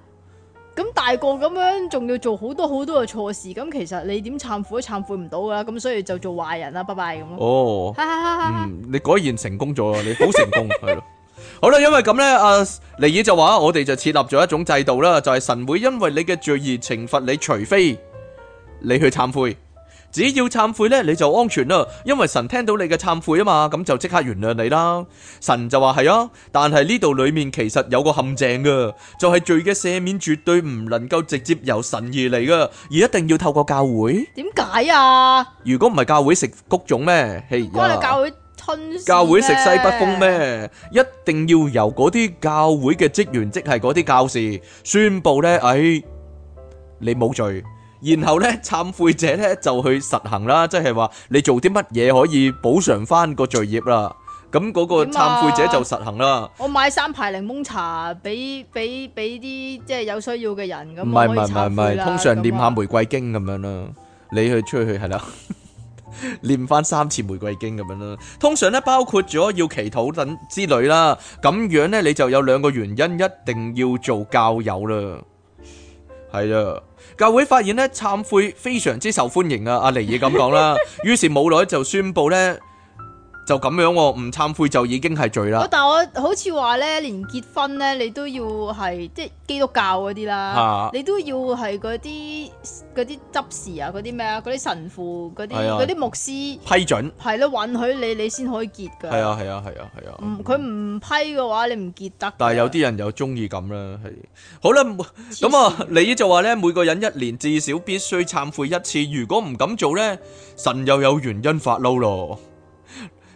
咁大個咁樣，仲要做好多好多嘅錯事，咁其實你點懺悔都懺悔唔到噶，咁所以就做壞人啦，拜拜咁咯。哦、 嗯，你果然成功咗，你好成功係咯。 好啦，因為咁呢，阿、啊、尼爾就話，我哋就設立咗一種制度啦，就係、是、神會因為你嘅罪而懲罰你，除非你去懺悔。只要懺悔咧，你就安全啦，因為神聽到你嘅懺悔啊嘛，咁就即刻原諒你啦。神就話係啊，但係呢度裏面其實有個陷阱噶，就係、是、罪嘅赦免絕對唔能夠直接由神而嚟噶，而一定要透過教會。點解啊？如果唔係教會食穀種咩？哎哥呀教會吞、啊，教會食西北風咩？一定要由嗰啲教會嘅職員，即係嗰啲教士宣布呢：「哎，你冇罪。」然後咧，懺悔者咧就去實行啦，即係話你做啲乜嘢可以補償翻個罪業啦。咁嗰個懺悔者就實行啦。我買三排檸檬茶俾俾俾啲即係有需要嘅人咁。唔係唔係唔係唔係，通常念下玫瑰經咁樣啦。你去出去係啦，念翻三次玫瑰經咁樣啦。通常咧包括咗要祈禱等之類啦。咁樣咧你就有兩個原因一定要做教友啦。係啦。教會發現咧，懺悔非常之受歡迎啊！阿尼爾咁講啦，於是冇耐就宣布呢。就咁樣，啊，唔懺悔就已經係罪啦。但係我好似話咧，連結婚咧，你都要係即係基督教嗰啲啦，啊、你都要係嗰啲嗰啲執事啊，嗰啲咩啊，嗰啲神父嗰啲嗰啲牧師批准，係咯，啊、允許你你先可以結噶。係啊係啊係啊係啊，佢唔、啊啊啊啊、批嘅話，你唔結得。但係有啲人又中意咁啦，係、啊、好啦，咁啊，你就話咧，每個人一年至少必須懺悔一次，如果唔咁做咧，神又有原因發嬲咯。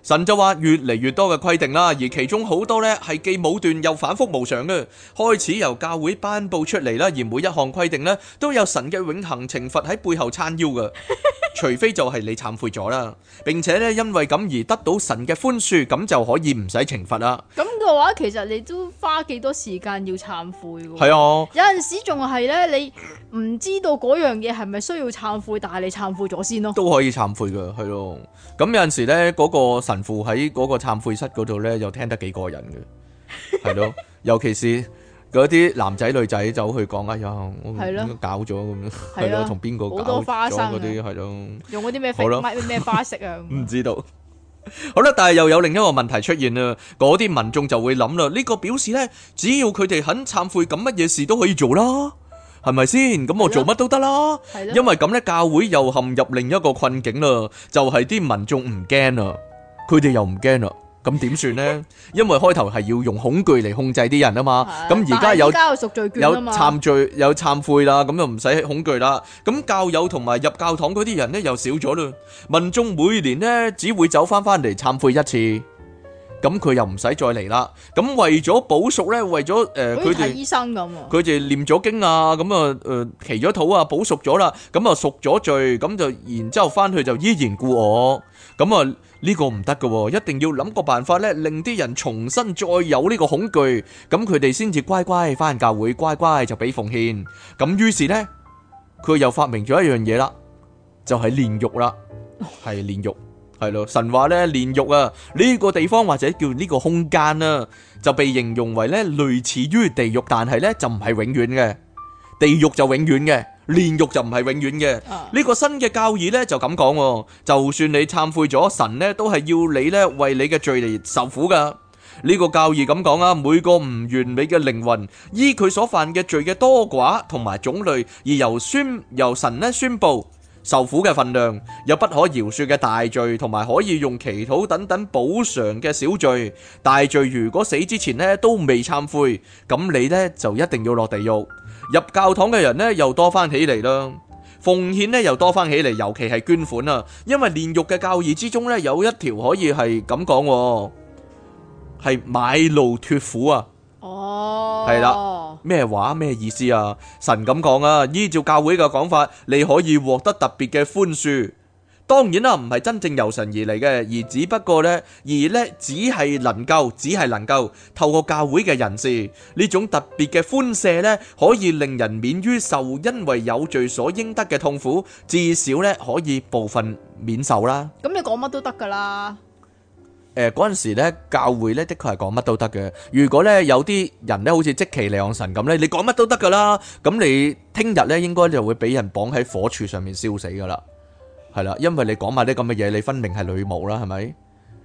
神就話越嚟越多嘅規定啦，而其中好多呢係既武斷又反覆無常嘅，開始由教會頒布出嚟啦，而每一項規定呢，都有神嘅永恒懲罰喺背後撐腰嘅。 除非就係你懺悔咗啦，並且咧因為咁而得到神嘅寬恕，咁就可以唔使懲罰啦。咁嘅話，其實你都花幾多時間要懺悔？係啊，有陣時仲係咧，你唔知道嗰樣嘢係咪需要懺悔，但係你懺悔咗先咯。都可以懺悔㗎，係咯。咁、嗯、有陣時咧，嗰個神父喺嗰個懺悔室嗰度咧，又聽得幾過癮嘅，係咯， 尤其是。嗰啲男仔女仔走去講啊，哎呀我咁樣搞咗咁咯，係咯，同邊個搞咗嗰啲係咯，用嗰啲咩粉乜乜咩花色啊？唔知道。好啦，但係又有另一個問題出現啦。嗰啲民眾就會諗啦，呢個表示咧，只要佢哋肯懺悔，咁乜嘢事都可以做啦，係咪先？咁我做乜都得啦。因為咁咧，教會又陷入另一個困境啦，就係啲民眾唔驚啦，佢哋又唔驚啦。咁點算咧？因為開頭係要用恐懼嚟控制啲人啊嘛。咁而家有交贖罪券啊嘛。有懺罪，有懺悔啦，咁就唔使恐懼啦。咁教友同埋入教堂嗰啲人咧，又少咗啦。民眾每年咧，只會走翻翻嚟懺悔一次，咁佢又唔使再嚟啦。咁為咗補贖咧，為咗誒，佢哋醫生咁，佢哋念咗經啊，咁啊，誒，祈咗禱啊，補贖咗啦，咁啊，贖咗罪，咁就然之後翻去就依然故我，咁啊。呢個唔得噶，一定要諗個辦法咧，令啲人重新再有呢個恐懼，咁佢哋先至乖乖翻教會，乖乖就俾奉獻。咁於是呢，佢又發明咗一樣嘢啦，就係煉獄啦，係煉獄，係咯。神話呢，煉獄啊，呢個地方或者叫呢個空間啊，就被形容為呢類似於地獄，但係呢就唔係永遠嘅，地獄就永遠嘅。煉獄就唔係永遠嘅，呢個新嘅教義呢，就咁講，就算你懺悔咗，神呢都係要你呢為你嘅罪嚟受苦噶。呢個教義咁講啊，每個唔完美嘅靈魂依佢所犯嘅罪嘅多寡同埋種類，而由宣由神呢宣布。受苦嘅份量，有不可饒恕嘅大罪，同埋可以用祈禱等等補償嘅小罪。大罪如果死之前呢都未懺悔，咁你呢，就一定要落地獄。入教堂嘅人呢，又多翻起嚟啦，奉獻呢，又多翻起嚟，尤其係捐款啊，因為煉獄嘅教義之中呢，有一條可以係咁講，係買路脫苦啊。哦，係啦，咩話咩意思啊？神咁講啊，依照教會嘅講法，你可以獲得特別嘅寬恕。當然啦，唔係真正由神而嚟嘅，而只不過呢，而呢只係能夠，只係能夠透過教會嘅人士呢種特別嘅寬赦呢，可以令人免於受因為有罪所應得嘅痛苦，至少呢可以部分免受啦。咁你講乜都得噶啦。誒，嗰陣時咧，教會咧的確係講乜都得嘅。如果咧有啲人咧，好似積其尼望神咁咧，你講乜都得噶啦。咁你聽日咧，應該就會俾人綁喺火柱上面燒死噶啦，係啦，因為你講埋啲咁嘅嘢，你分明係女巫啦，係咪？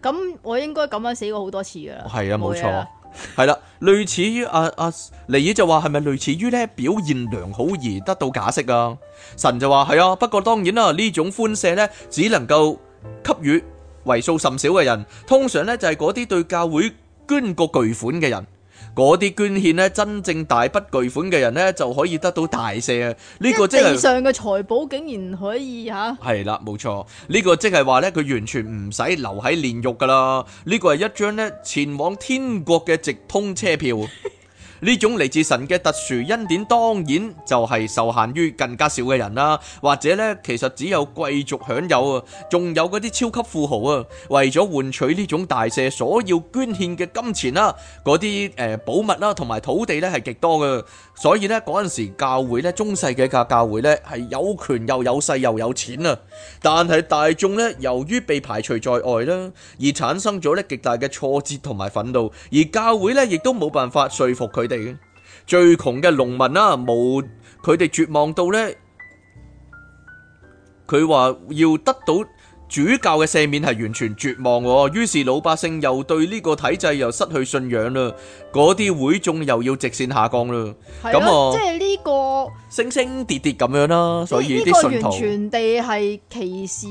咁我應該咁樣死過好多次噶啦。係啊，冇錯。係啦，類似於阿阿尼爾就話，係咪類似於咧表現良好而得到假釋啊？神就話係啊，不過當然啦，呢種寬赦咧只能夠給予。為數甚少嘅人，通常咧就係嗰啲對教會捐過巨款嘅人，嗰啲捐獻咧真正大筆巨款嘅人咧就可以得到大赦啊！呢個即係地上嘅財寶竟然可以吓，係啦，冇錯，呢個即係話咧，佢完全唔使留喺煉獄噶啦，呢個係一張咧前往天國嘅直通車票。呢種嚟自神嘅特殊恩典，當然就係受限於更加少嘅人啦，或者呢，其實只有貴族享有啊，仲有嗰啲超級富豪啊，為咗換取呢種大赦，所要捐獻嘅金錢啦，嗰啲誒寶物啦，同埋土地呢，係極多嘅。所以呢，嗰陣時教會呢，中世紀嘅教會呢，係有權又有勢又有錢啊，但係大眾呢，由於被排除在外啦，而產生咗呢極大嘅挫折同埋憤怒，而教會呢，亦都冇辦法說服佢哋最窮嘅農民啦，冇佢哋絕望到呢。佢話要得到。主教嘅赦免係完全絕望，於是老百姓又對呢個體制又失去信仰啦，嗰啲會眾又要直線下降啦。係咯、啊，啊、即係呢、這個升升跌跌咁樣啦、啊。所以呢啲信徒全地係歧視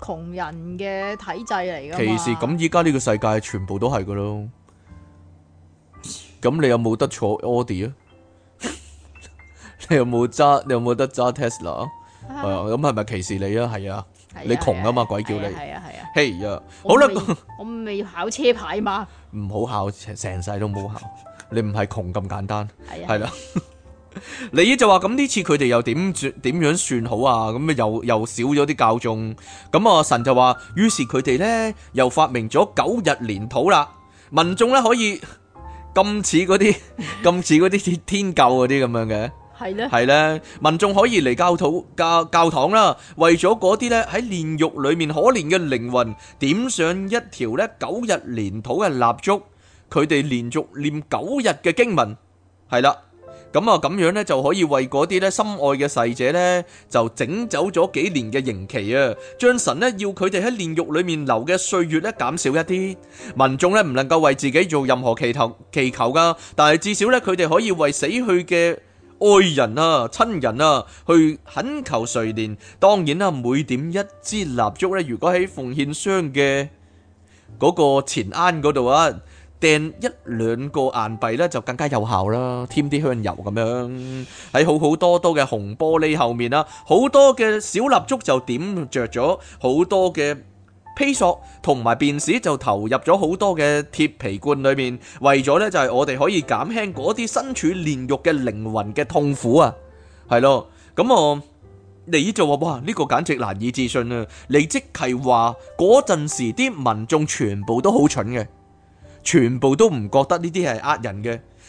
窮人嘅體制嚟嘅。歧視，咁依家呢個世界全部都係噶咯。咁你有冇得坐 Audi 啊 你有冇？你有冇揸？你有冇得揸 Tesla 啊？係啊，咁係咪歧視你啊？係啊。你窮啊嘛，鬼叫你！係啊，係啊。嘿啊好！好啦，我未考車牌嘛。唔好 考，成世都冇考。你唔係窮咁簡單，係啦。 你姨就話：，咁呢次佢哋又點點樣算好啊？咁啊又又少咗啲教眾。咁、嗯、啊，神就話：，於是佢哋咧又發明咗九日連土啦，民眾咧可以咁似嗰啲，咁似嗰啲天教嗰啲咁樣嘅。係咧，係咧，民眾可以嚟教堂教、教堂啦，為咗嗰啲咧喺煉獄裏面可憐嘅靈魂點上一條咧九日連土嘅蠟燭，佢哋連續念九日嘅經文係啦。咁啊咁樣咧就可以為嗰啲咧心愛嘅逝者咧就整走咗幾年嘅刑期啊，將神咧要佢哋喺煉獄裏面留嘅歲月咧減少一啲。民眾咧唔能夠為自己做任何祈求、祈求噶，但係至少咧佢哋可以為死去嘅。愛人啊，親人啊，去懇求垂憐。當然啦，每點一支蠟燭咧，如果喺奉獻箱嘅嗰個前啱嗰度啊，掟一兩個硬幣咧，就更加有效啦。添啲香油咁樣，喺好好多多嘅紅玻璃後面啦，好多嘅小蠟燭就點着咗好多嘅。披索同埋便士就投入咗好多嘅鐵皮罐裏面，為咗呢就係、是、我哋可以減輕嗰啲身處煉獄嘅靈魂嘅痛苦啊，係咯，咁我你就話哇呢、這個簡直難以置信啊！你即係話嗰陣時啲民眾全部都好蠢嘅，全部都唔覺得呢啲係呃人嘅。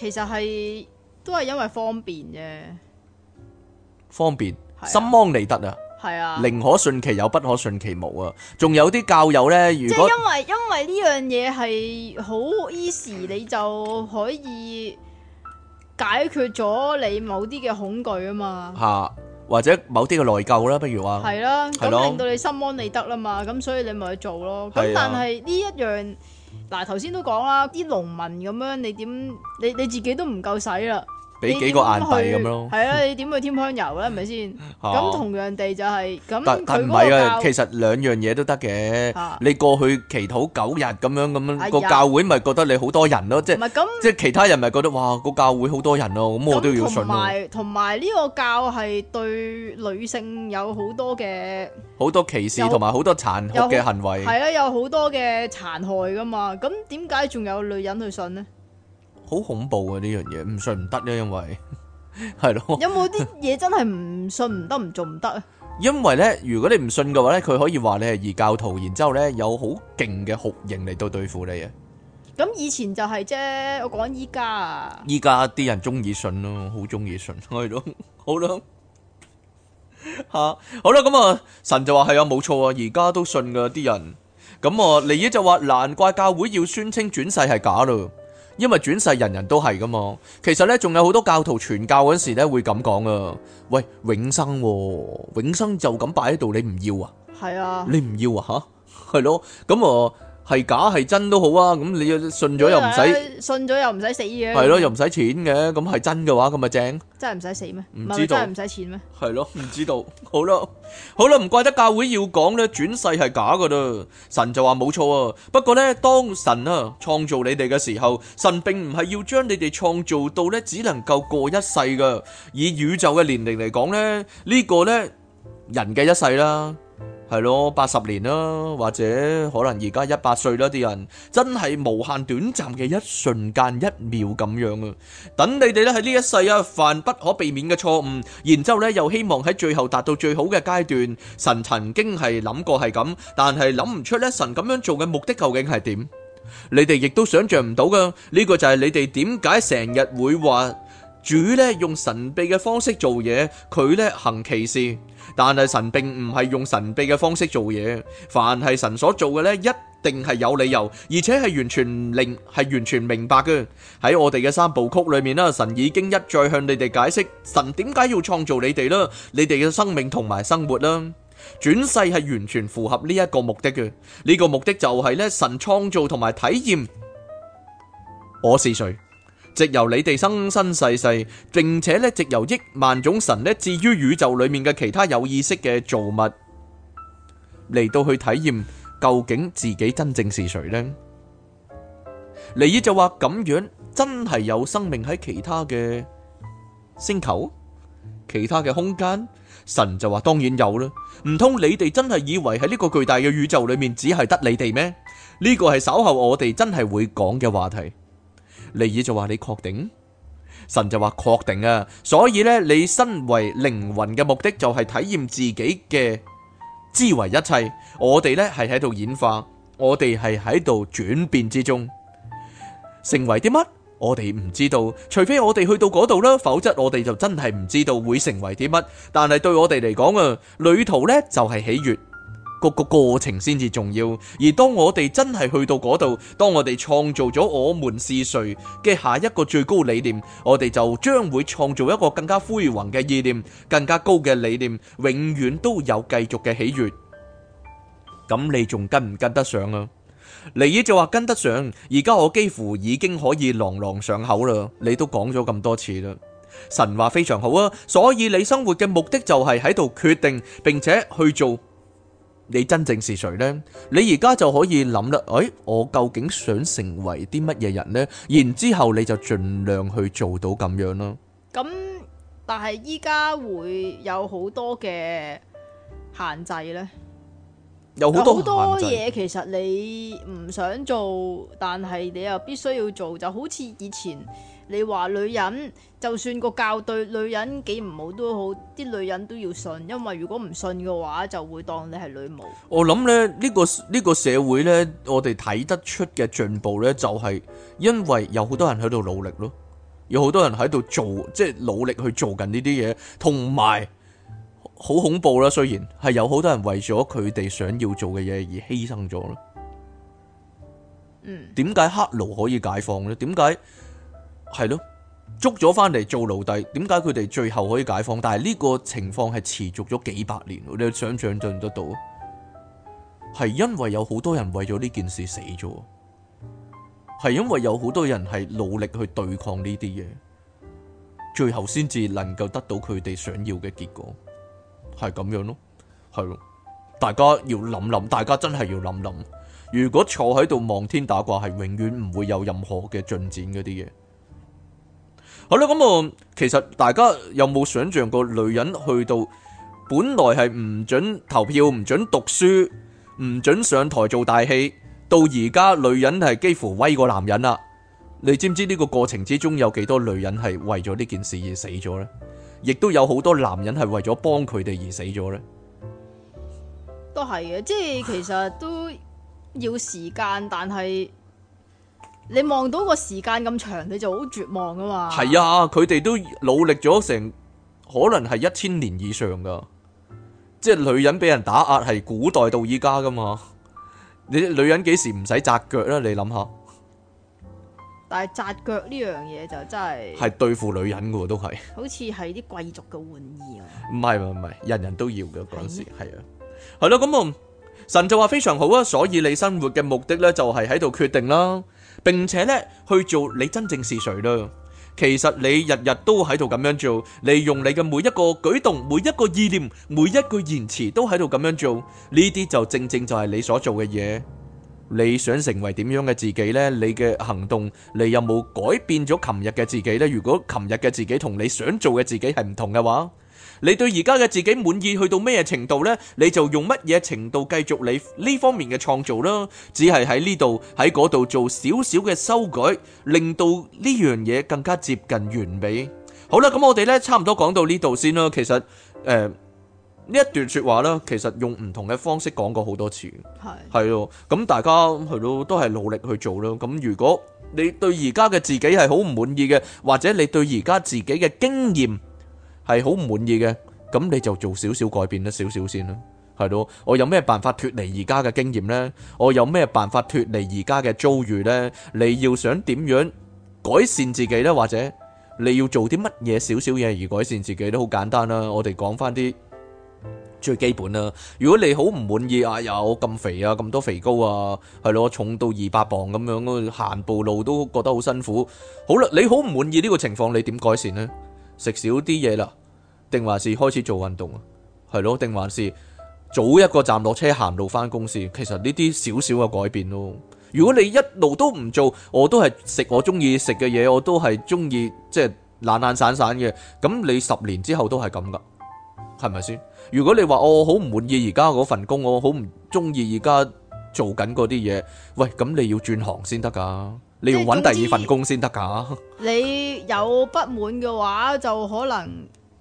其實係都係因為方便啫，方便心安理得啊，係啊，寧可信其有，不可信其無啊。仲有啲教友呢，如果即係因為因為呢樣嘢係好 easy，你就可以解決咗你某啲嘅恐懼啊嘛，吓或者某啲嘅內疚啦，不如話係啦，咁令到你心安理得啦嘛，咁所以你咪去做咯。咁但係呢一樣。嗱，頭先都講啦，啲農民咁樣，你點？你你自己都唔夠使啦。俾幾個硬幣咁咯，係 啊，你點去添香油咧？係咪先？咁同樣地就係咁佢嗰個教、但唔係啊，其實兩樣嘢都得嘅。啊、你過去祈禱九日咁樣咁樣、嗰個教會咪覺得你好多人咯，哎、呀即係即係其他人咪覺得哇、嗰個教會好多人咯，咁我都要信咯。同埋呢個教係對女性有好多嘅好有多歧視同埋好多殘酷嘅行為。係啊，有好多嘅殘害噶嘛，咁點解仲有女人去信呢？好恐怖啊！呢樣嘢唔信唔得咧，因為係咯。有冇啲嘢真係唔信唔得，唔做唔得啊？因為咧，如果你唔信嘅話咧，佢可以話你係異教徒，然之後咧有好勁嘅酷刑嚟到對付你啊！咁以前就係啫，我講依家啊。依家啲人中意信咯，啊啊，好中意信，係 咯，啊，好咯吓，好啦，咁啊，神就話係，嗯、啊，冇錯啊，而家都信噶啲人。咁，嗯、啊，尼爾就話難怪教會要宣稱轉世係假咯。因為轉世人人都係噶嘛，其實咧仲有好多教徒傳教嗰時咧會咁講啊，喂，永生，哦，永生就咁擺喺度，你唔要啊？係啊，你唔要啊？吓，係咯，咁、嗯、啊。嗯係假係真都好啊，咁你信咗又唔使，信咗又唔使死嘅，係咯又唔使錢嘅，咁係真嘅話咁咪正，真係唔使死咩？唔知道，真係唔使錢咩？係咯，唔知道。好啦，好啦，唔怪得教會要講咧轉世係假噶啦，神就話冇錯啊。不過咧，當神啊創造你哋嘅時候，神並唔係要將你哋創造到咧只能夠過一世噶，以宇宙嘅年齡嚟講咧，呢個咧人嘅一世啦。係咯，八十年啦，或者可能而家一百歲啦，啲人真係無限短暫嘅一瞬間、一秒咁樣啊！等你哋咧喺呢一世啊犯不可避免嘅錯誤，然之後咧又希望喺最後達到最好嘅階段。神曾經係諗過係咁，但係諗唔出咧神咁樣做嘅目的究竟係點？你哋亦都想象唔到噶，呢個就係你哋點解成日會話主咧用神秘嘅方式做嘢，佢咧行奇事。但係神並唔係用神秘嘅方式做嘢，凡係神所做嘅呢，一定係有理由，而且係完全明係完全明白嘅。喺我哋嘅三部曲裏面啦，神已經一再向你哋解釋神點解要創造你哋啦，你哋嘅生命同埋生活啦，轉世係完全符合呢一個目的嘅，呢個目的就係咧神創造同埋體驗我是誰。藉由你哋生生世世，並且咧藉由億萬種神咧，置於宇宙裏面嘅其他有意識嘅造物嚟到去體驗究竟自己真正是誰呢？尼爾就話咁樣真係有生命喺其他嘅星球、其他嘅空間，神就話當然有啦。唔通你哋真係以為喺呢個巨大嘅宇宙裏面只係得你哋咩？呢個係稍後我哋真係會講嘅話題。利爾就話，你確定？神就話確定啊，所以咧，你身為靈魂嘅目的就係體驗自己嘅知為一切。我哋咧係喺度演化，我哋係喺度轉變之中，成為啲乜？我哋唔知道，除非我哋去到嗰度啦，否則我哋就真係唔知道會成為啲乜。但係對我哋嚟講啊，旅途咧就係喜悦。個個過程先至重要，而當我哋真係去到嗰度，當我哋創造咗我們是誰嘅下一個最高理念，我哋就將會創造一個更加輝煌嘅意念，更加高嘅理念，永遠都有繼續嘅喜悅。咁你仲跟唔跟得上啊？尼爾就話跟得上，而家我幾乎已經可以朗朗上口啦。你都講咗咁多次啦，神話非常好啊，所以你生活嘅目的就係喺度決定並且去做。你真正是誰呢？你而家就可以諗啦。誒，我究竟想成為啲乜嘢人呢？然之後你就盡量去做到咁樣囉。咁，但係依家會有好多嘅限制呢。有好多好多嘢，其實你唔想做，但係你又必須要做，就好似以前。你話女人就算個教對女人幾唔好都好，啲女人都要信，因為如果唔信嘅話，就會當你係女巫。我諗咧，呢個呢個社會呢，我哋睇得出嘅進步呢，就係因為有好多人喺度努力咯，有好多人喺度做，即係努力去做緊呢啲嘢，同埋好恐怖啦。雖然係有好多人為咗佢哋想要做嘅嘢而犧牲咗咯。嗯，點解黑奴可以解放呢？點解？係咯，捉咗翻嚟做奴隸。點解佢哋最後可以解放？但係呢個情況係持續咗幾百年。你想象得到，係因為有好多人為咗呢件事死咗，係因為有好多人係努力去對抗呢啲嘢，最後先至能夠得到佢哋想要嘅結果。係咁樣咯，係咯，大家要諗諗，大家真係要諗諗。如果坐喺度望天打卦，係永遠唔會有任何嘅進展嗰啲嘢。好啦，咁啊，其實大家有冇想象過，女人去到本來係唔准投票、唔准讀書、唔准上台做大戲，到而家女人係幾乎威過男人啦。你知唔知呢個過程之中有幾多女人係為咗呢件事而死咗呢？亦都有好多男人係為咗幫佢哋而死咗呢？都係嘅，即係其實都要時間，但係。你望到個時間咁長，你就好絕望噶嘛？係啊，佢哋都努力咗成可能係一千年以上噶，即係女人俾人打壓係古代到依家噶嘛？你啲女人幾時唔使紮腳啦？你諗下，但係紮腳呢樣嘢就真係係對付女人噶，都係好似係啲貴族嘅玩意。啊。 唔係唔係，人人都要嘅嗰是時係啊，係咯、啊。咁啊，神就話非常好啊，所以你生活嘅目的呢，就係喺度決定啦。並且咧去做你真正是誰咯。其實你日日都喺度咁樣做，利用你嘅每一個舉動、每一個意念、每一句言辭都喺度咁樣做。呢啲就正正就係你所做嘅嘢。你想成為點樣嘅自己呢？你嘅行動，你有冇改變咗琴日嘅自己呢？如果琴日嘅自己同你想做嘅自己係唔同嘅話，你對而家嘅自己滿意去到咩程度呢？你就用乜嘢程度繼續你呢方面嘅創造啦。只係喺呢度，喺嗰度做少少嘅修改，令到呢樣嘢更加接近完美。好啦，咁我哋呢，差唔多講到呢度先啦。其實誒呢、呃、一段說話呢，其實用唔同嘅方式講過好多次。係係咯，咁、嗯、大家係咯都係努力去做咯。咁、嗯、如果你對而家嘅自己係好唔滿意嘅，或者你對而家自己嘅經驗，係好唔滿意嘅，咁你就做少少改變得少少先啦，係咯。我有咩辦法脫離而家嘅經驗呢？我有咩辦法脫離而家嘅遭遇呢？你要想點樣改善自己呢？或者你要做啲乜嘢少少嘢而改善自己都好簡單啦。我哋講翻啲最基本啦。如果你好唔滿意啊，有、哎、咁肥啊，咁多肥膏啊，係咯，重到二百磅咁樣，行步路都覺得好辛苦。好啦，你好唔滿意呢個情況，你點改善呢？食少啲嘢啦，定還是開始做運動啊？係咯，定還是早一個站落車行路翻公司？其實呢啲少少嘅改變咯。如果你一路都唔做，我都係食我中意食嘅嘢，我都係中意即係懶懶散散嘅。咁你十年之後都係咁噶，係咪先？如果你話、哦、我好唔滿意而家嗰份工，我好唔中意而家做緊嗰啲嘢，喂，咁你要轉行先得噶。你要揾第二份工先得噶。你有不滿嘅話，就可能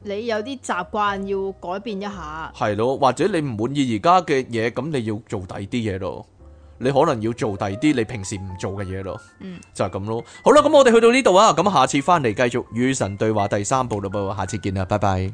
你有啲習慣要改變一下。係咯， 或者你唔滿意而家嘅嘢，咁你要做第二啲嘢咯。你可能要做第二啲你平時唔做嘅嘢咯。嗯，就係咁咯。好啦，咁我哋去到呢度啊，咁下次翻嚟繼續與神對話第三部咯噃。下次見啦，拜拜。